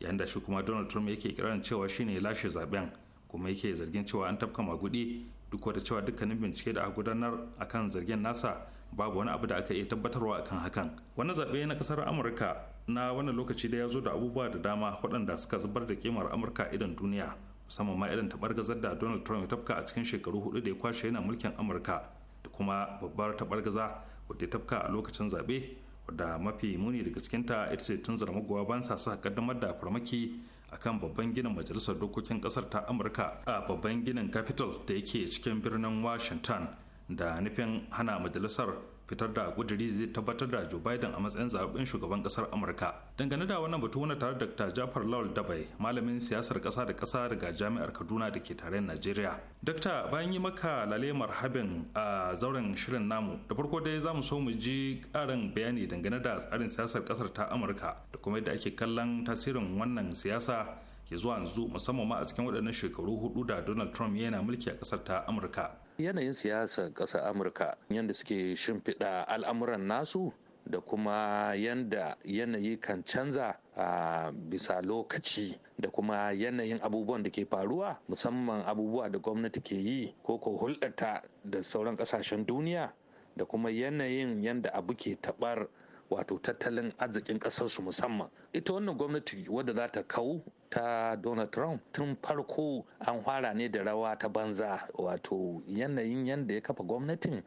yayin da shi kuma donald trump yake kiran cewa shine lashe zaben kuma yake zargin cewa an tafka magudi duk wata cewa dukkanin bincike da aka gudanar akan zargin nasa babu wani abu da aka iya tabbatarwa akan hakan wani zaɓe na ƙasar amurka na wani lokaci da ya zo da abubuwa da dama waɗanda suka zubar da kimar amurka idan duniya musamman ma irin tabargazar da donald trump ya tafka a cikin shekaru hudu da ya kwashe yana mulkin amurka da kuma babbar tabargaza wadda ya tafka a lokacin zaɓe da mafi muni da gaskinta ita ce tun zara magowa bayan sa suka kaddamar da farmaki akan babban ginin majalisar dokokin kasar ta amurka a babban ginin capital da yake cikin birnin washington da nufin hana majalisar fitar da kuduri zai tabbatar da Joe Biden a matsayin zaɓen shugaban kasar Amurka. Dangane da wannan batu wani tare Dr. Jafar Lawal Dabai, malamin siyasar kasa da kasa daga Jami'ar Kaduna da ke tarayyar Najeriya. Dokta bayan yi maka lale marhabin a zauren shirin namu, da farko dai za mu so mu ji ƙarin bayani dangane da tsarin siyasar kasar ta Amurka da kuma yadda ake kallon tasirin wannan siyasa ke zuwa yanzu musamman ma a cikin waɗannan shekaru hudu da Donald Trump yana mulki a kasar ta Amurka. yanayin siyasar ƙasar amurka yadda suke shimfiɗa al'amuran nasu da kuma yadda yanayi kan canza a bisa lokaci da kuma yanayin abubuwan da ke faruwa musamman abubuwa da gwamnati ke yi ko ko hulɗata da sauran ƙasashen duniya da kuma yanayin yadda abu ke taɓar wato tattalin arzikin ƙasarsu musamman ita wannan gwamnati wadda za ta kawo ta donald trump tun farko an fara ne da rawa ta banza wato yanayin yadda ya kafa gwamnatin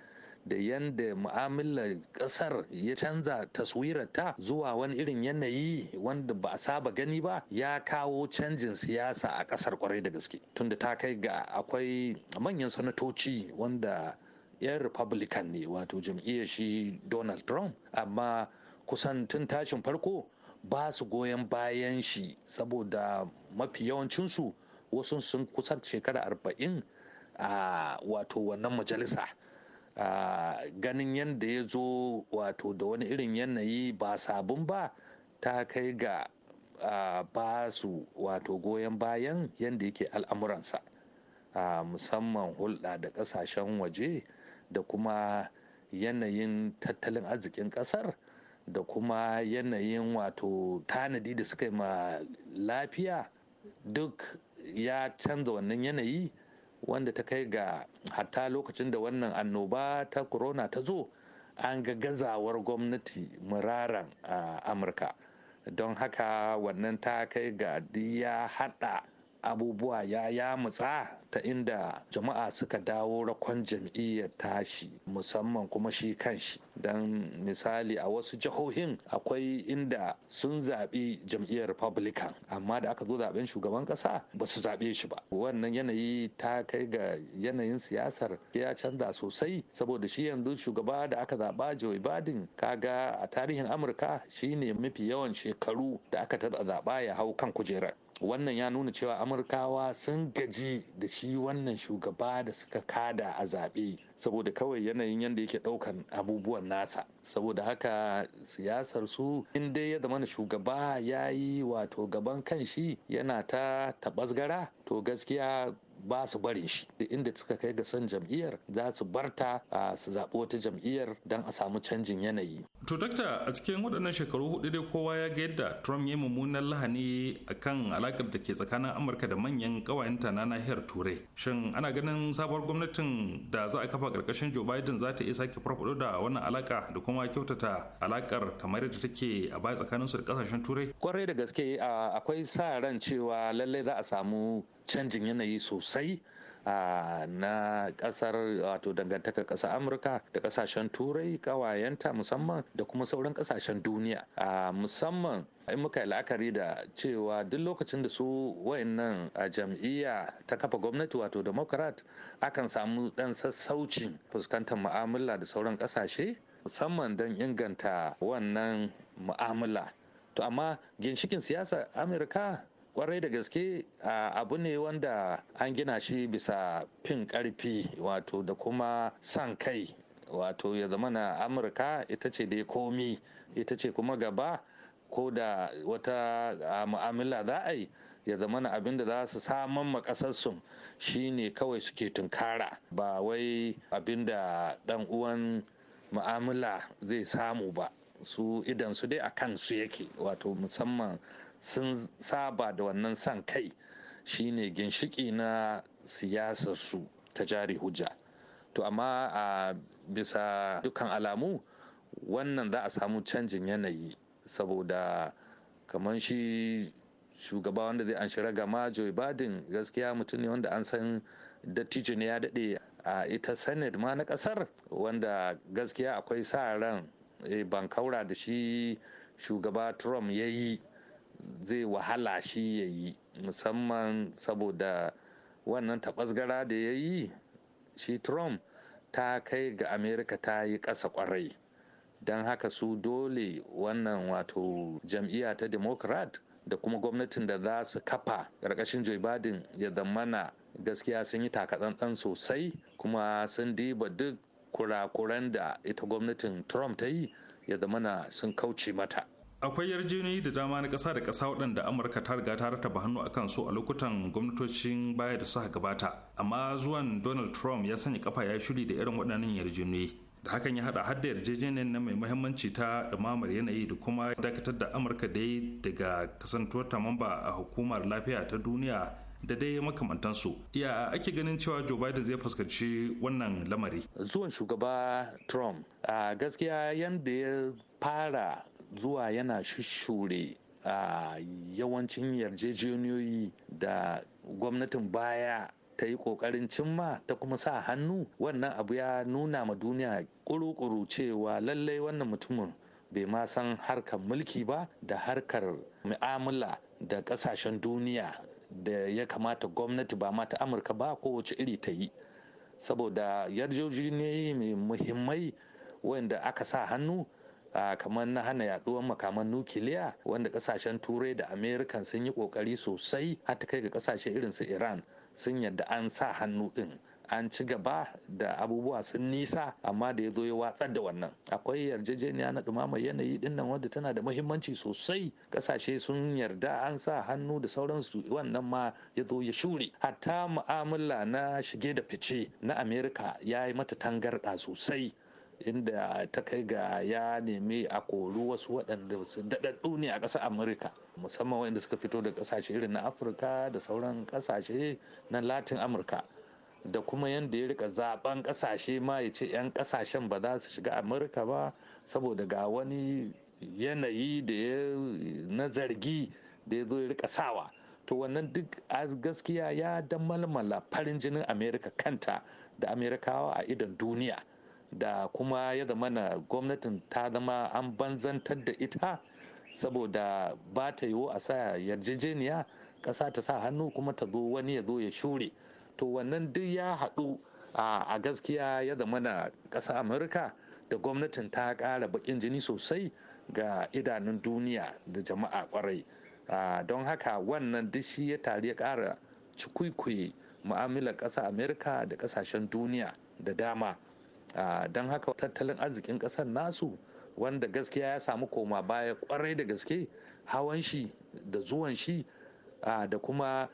da yadda mu'amalar kasar ya canza taswirarta zuwa wani irin yanayi wanda ba a saba gani ba ya kawo canjin siyasa a kasar kwarai da gaske tunda ta kai ga akwai manyan sanatoci wanda 'yan republican ne wato jam'iyyar shi donald trump amma kusan tun tashin farko ba su goyon bayan shi saboda mafi yawancinsu wasu sun kusan shekara arba'in a wato wannan majalisa ganin yadda ya zo wato da wani irin yanayi ba sabon ba ta kai ga ba su wato goyon bayan yadda yake al'amuransa a musamman hulɗa da ƙasashen waje da kuma yanayin tattalin arzikin ƙasar da kuma yanayin wato tanadi da suka yi ma lafiya duk ya canza wannan yanayi wanda ta kai ga hatta lokacin da wannan annoba ta corona ta zo an ga gazawar gwamnati muraran a amurka don haka wannan ta kai ga ya haɗa abubuwa ya yamutsa ta inda jama'a suka dawo rakon jam'iyyar tashi musamman kuma shi kanshi don misali a wasu jihohin akwai inda sun zaɓi jam'iyyar republican amma da aka zo zaɓen shugaban ƙasa ba su zaɓe shi ba wannan yanayi ta kai ga yanayin siyasar ya canza sosai saboda shi yanzu shugaba da aka zaɓa joe biden kaga a tarihin amurka shine mafi yawan shekaru da aka taɓa zaɓa ya hau kan kujerar wannan ya nuna cewa amurkawa sun gaji da shi shi wannan shugaba da suka kada a zaɓe saboda kawai yanayin yadda yake ɗaukan abubuwan nasa saboda haka siyasar su in dai ya zama shugaba ya yi wato gaban kan shi yana ta taɓasgara to gaskiya ba su barin shi inda suka kai ga son jam'iyyar za su barta su zaɓi wata jam'iyyar don a samu canjin yanayi. To dakta a cikin waɗannan shekaru hudu dai kowa ya ga yadda Trump ya yi mummunan lahani a kan alakar da ke tsakanin Amurka da manyan ƙawayenta na nahiyar Turai. Shin ana ganin sabuwar gwamnatin da za a kafa ƙarƙashin Joe Biden za ta iya sake farfaɗo da wannan alaka da kuma kyautata alakar kamar yadda take a baya tsakanin su da ƙasashen Turai? Kwarai da gaske akwai sa ran cewa lallai za a samu canjin yanayi sosai na kasar wato dangantaka ƙasar amurka da ƙasashen turai ƙawayenta musamman da kuma sauran ƙasashen duniya a musamman in muka yi la'akari da cewa duk lokacin da su wayannan a jam'iyya ta kafa gwamnati wato democrat akan samu dan sassaucin fuskantar mu'amala da sauran ƙasashe. musamman don inganta wannan mu'amala to amma ginshikin siyasa amurka kwarai da gaske abu ne wanda an gina shi bisa fin karfi wato da kuma san kai wato ya zama na amurka ita ce dai komi ita ce kuma gaba ko da wata mu'amala za a yi ya zama na abin da za su saman makasarsu shine kawai suke tunkara ba wai abin da dan uwan mu'amala zai samu ba su idan su dai a kansu yake wato musamman sun saba da wannan san kai shine ginshiki na siyasarsu ta jari hujja to amma a bisa dukkan alamu wannan za a samu canjin yanayi saboda kamar shi shugaba wanda zai an shi ragama joe badin gaskiya mutum ne wanda an san dattijo ne ya daɗe a ita senate ma na ƙasar wanda gaskiya akwai sa ran eh, ban kaura da shi shugaba trump ya yi zai wahala shi ya yi musamman saboda wannan taɓasgara da ya yi shi trump ta kai ga amerika ta yi ƙasa kwarai, don haka su dole wannan wato jam'iyya ta democrat da kuma gwamnatin da za su kafa ƙarƙashin joe biden ya zammana gaskiya sun yi takatsantsan sosai kuma sun diba duk kurakuran da ita gwamnatin trump ta yi ya zamana sun kauce mata akwai yarjejeniyoyi da dama na ƙasa da ƙasa waɗanda amurka ta riga ta rataba hannu a kansu a lokutan gwamnatocin baya da suka gabata amma zuwan donald trump ya sanya kafa ya shuri da irin waɗannan yarjejeniyoyi da hakan ya hada hadda yarjejeniyar na mai muhimmanci ta dumamar yanayi da kuma dakatar da amurka da dai daga kasantuwar ta mamba a hukumar lafiya ta duniya da dai makamantansu ya ake ganin cewa joe biden zai fuskanci wannan lamari zuwan shugaba trump a gaskiya yadda ya fara zuwa yana shushure a yawancin yarjejeniyoyi da gwamnatin baya ta yi ƙoƙarin cimma ta kuma sa hannu wannan abu ya nuna ma duniya ƙuruƙuru cewa lallai wannan mutumin bai ma san harkar mulki ba da harkar mu'amala da ƙasashen duniya da ya kamata gwamnati ba ma ta amurka ba kowace iri ta yi saboda yarjejeniyoyi mai muhimmai wanda aka sa hannu kamar na hana yaduwar makaman nukiliya wanda kasashen turai da Amerikan sun yi kokari sosai har ta kai ga kasashe irin su iran sun yadda an sa hannu din an ci gaba da abubuwa sun nisa amma da ya zo ya watsar da wannan akwai yarjejeniya na dumamar yanayi din wanda tana da muhimmanci sosai kasashe sun yarda an sa hannu da sauransu wannan ma ya zo ya shure hatta mu'amala na shige da fice na amerika ya yi mata tangarɗa sosai inda ta kai ga ya nemi a kori wasu waɗanda su daɗaɗɗu ne a ƙasar amurka musamman wanda suka fito da ƙasashe irin na afirka da sauran ƙasashe na latin amurka da kuma yadda ya rika zaben ƙasashe ma ya ce 'yan ƙasashen ba za su shiga amurka ba saboda ga wani yanayi da ya na zargi da ya zo ya rika sawa to wannan duk a gaskiya ya damalmala farin jinin amerika kanta da amerikawa a idon duniya da kuma ya zama na gwamnatin ta zama an banzantar da ita saboda ba ta yiwu a sa yarjejeniya ƙasa ta sa hannu kuma ta zo wani ya zo ya shure to wannan duk ya haɗu a gaskiya ya zama na ƙasa amurka da gwamnatin ta ƙara baƙin jini sosai ga idanun duniya da jama'a kwarai don haka wannan duk shi ya tare ya ƙara cikuikuyi mu'amalar ƙasa amurka da ƙasashen duniya da dama don haka tattalin arzikin ƙasar nasu wanda gaskiya ya samu koma baya kwarai da gaske hawan shi da zuwan shi da kuma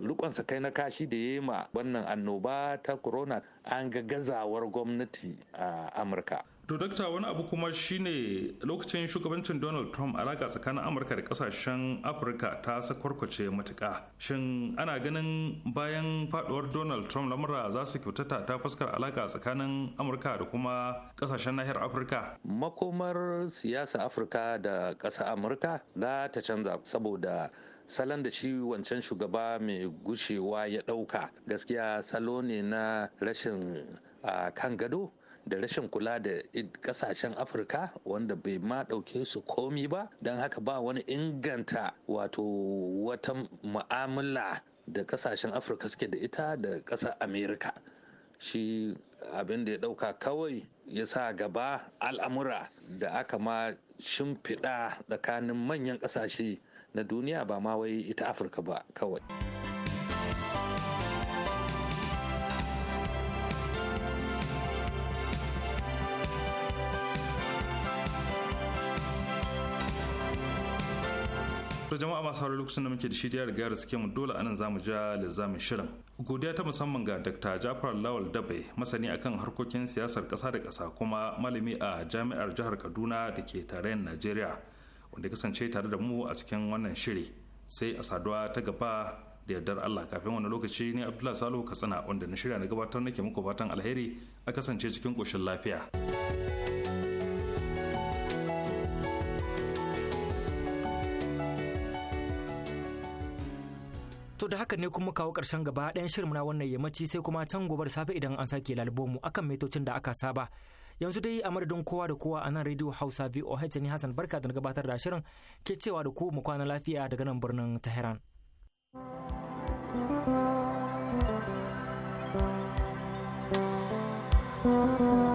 rikonsa kai na kashi da ya yi ma wannan annoba ta corona an ga gazawar gwamnati a amurka to dakta wani abu kuma shine lokacin shugabancin donald trump alaka tsakanin amurka da kasashen afirka ta sakwarkwace matuƙa. shin ana ganin bayan faduwar donald trump lamura za su kyautata ta fuskar alaka tsakanin amurka da kuma kasashen nahiyar afirka makomar siyasa afirka da ƙasa amurka za ta canza saboda salon da shi wancan shugaba mai gushewa ya ɗauka gaskiya salo ne na rashin ah, kan gado da rashin kula da kasashen afirka wanda bai ma dauke su komi ba don haka ba wani inganta wato wata mu'amala da kasashen afirka suke da ita da ƙasar amerika shi abin da ya dauka kawai ya sa gaba al'amura da aka ma shimfiɗa tsakanin manyan ƙasashe na duniya ba ma wai ita afirka ba kawai. to jama'a masu haure lokacin da muke da shi da riga suke mu dole anan zamu ja lizamin shirin godiya ta musamman ga dr jafar lawal dabe masani akan harkokin siyasar kasa da kasa kuma malami a jami'ar jihar kaduna da ke tarayyar najeriya wanda kasance tare da mu a cikin wannan shiri sai a saduwa ta gaba da yardar allah kafin wani lokaci ne abdullahi salo katsina wanda na shirya na gabatar nake muku fatan alheri a kasance cikin koshin lafiya To da haka ne kuma kawo ƙarshen gaba ɗayan shirin wannan yammaci sai kuma can gobe da safe idan an sake mu akan metocin da aka saba. Yanzu dai a madadin kowa da kowa a nan Radio Hausa VOH ne Hassan Barka da gabatar da shirin ke cewa da ku mu kwana lafiya daga nan birnin Tehran. thank you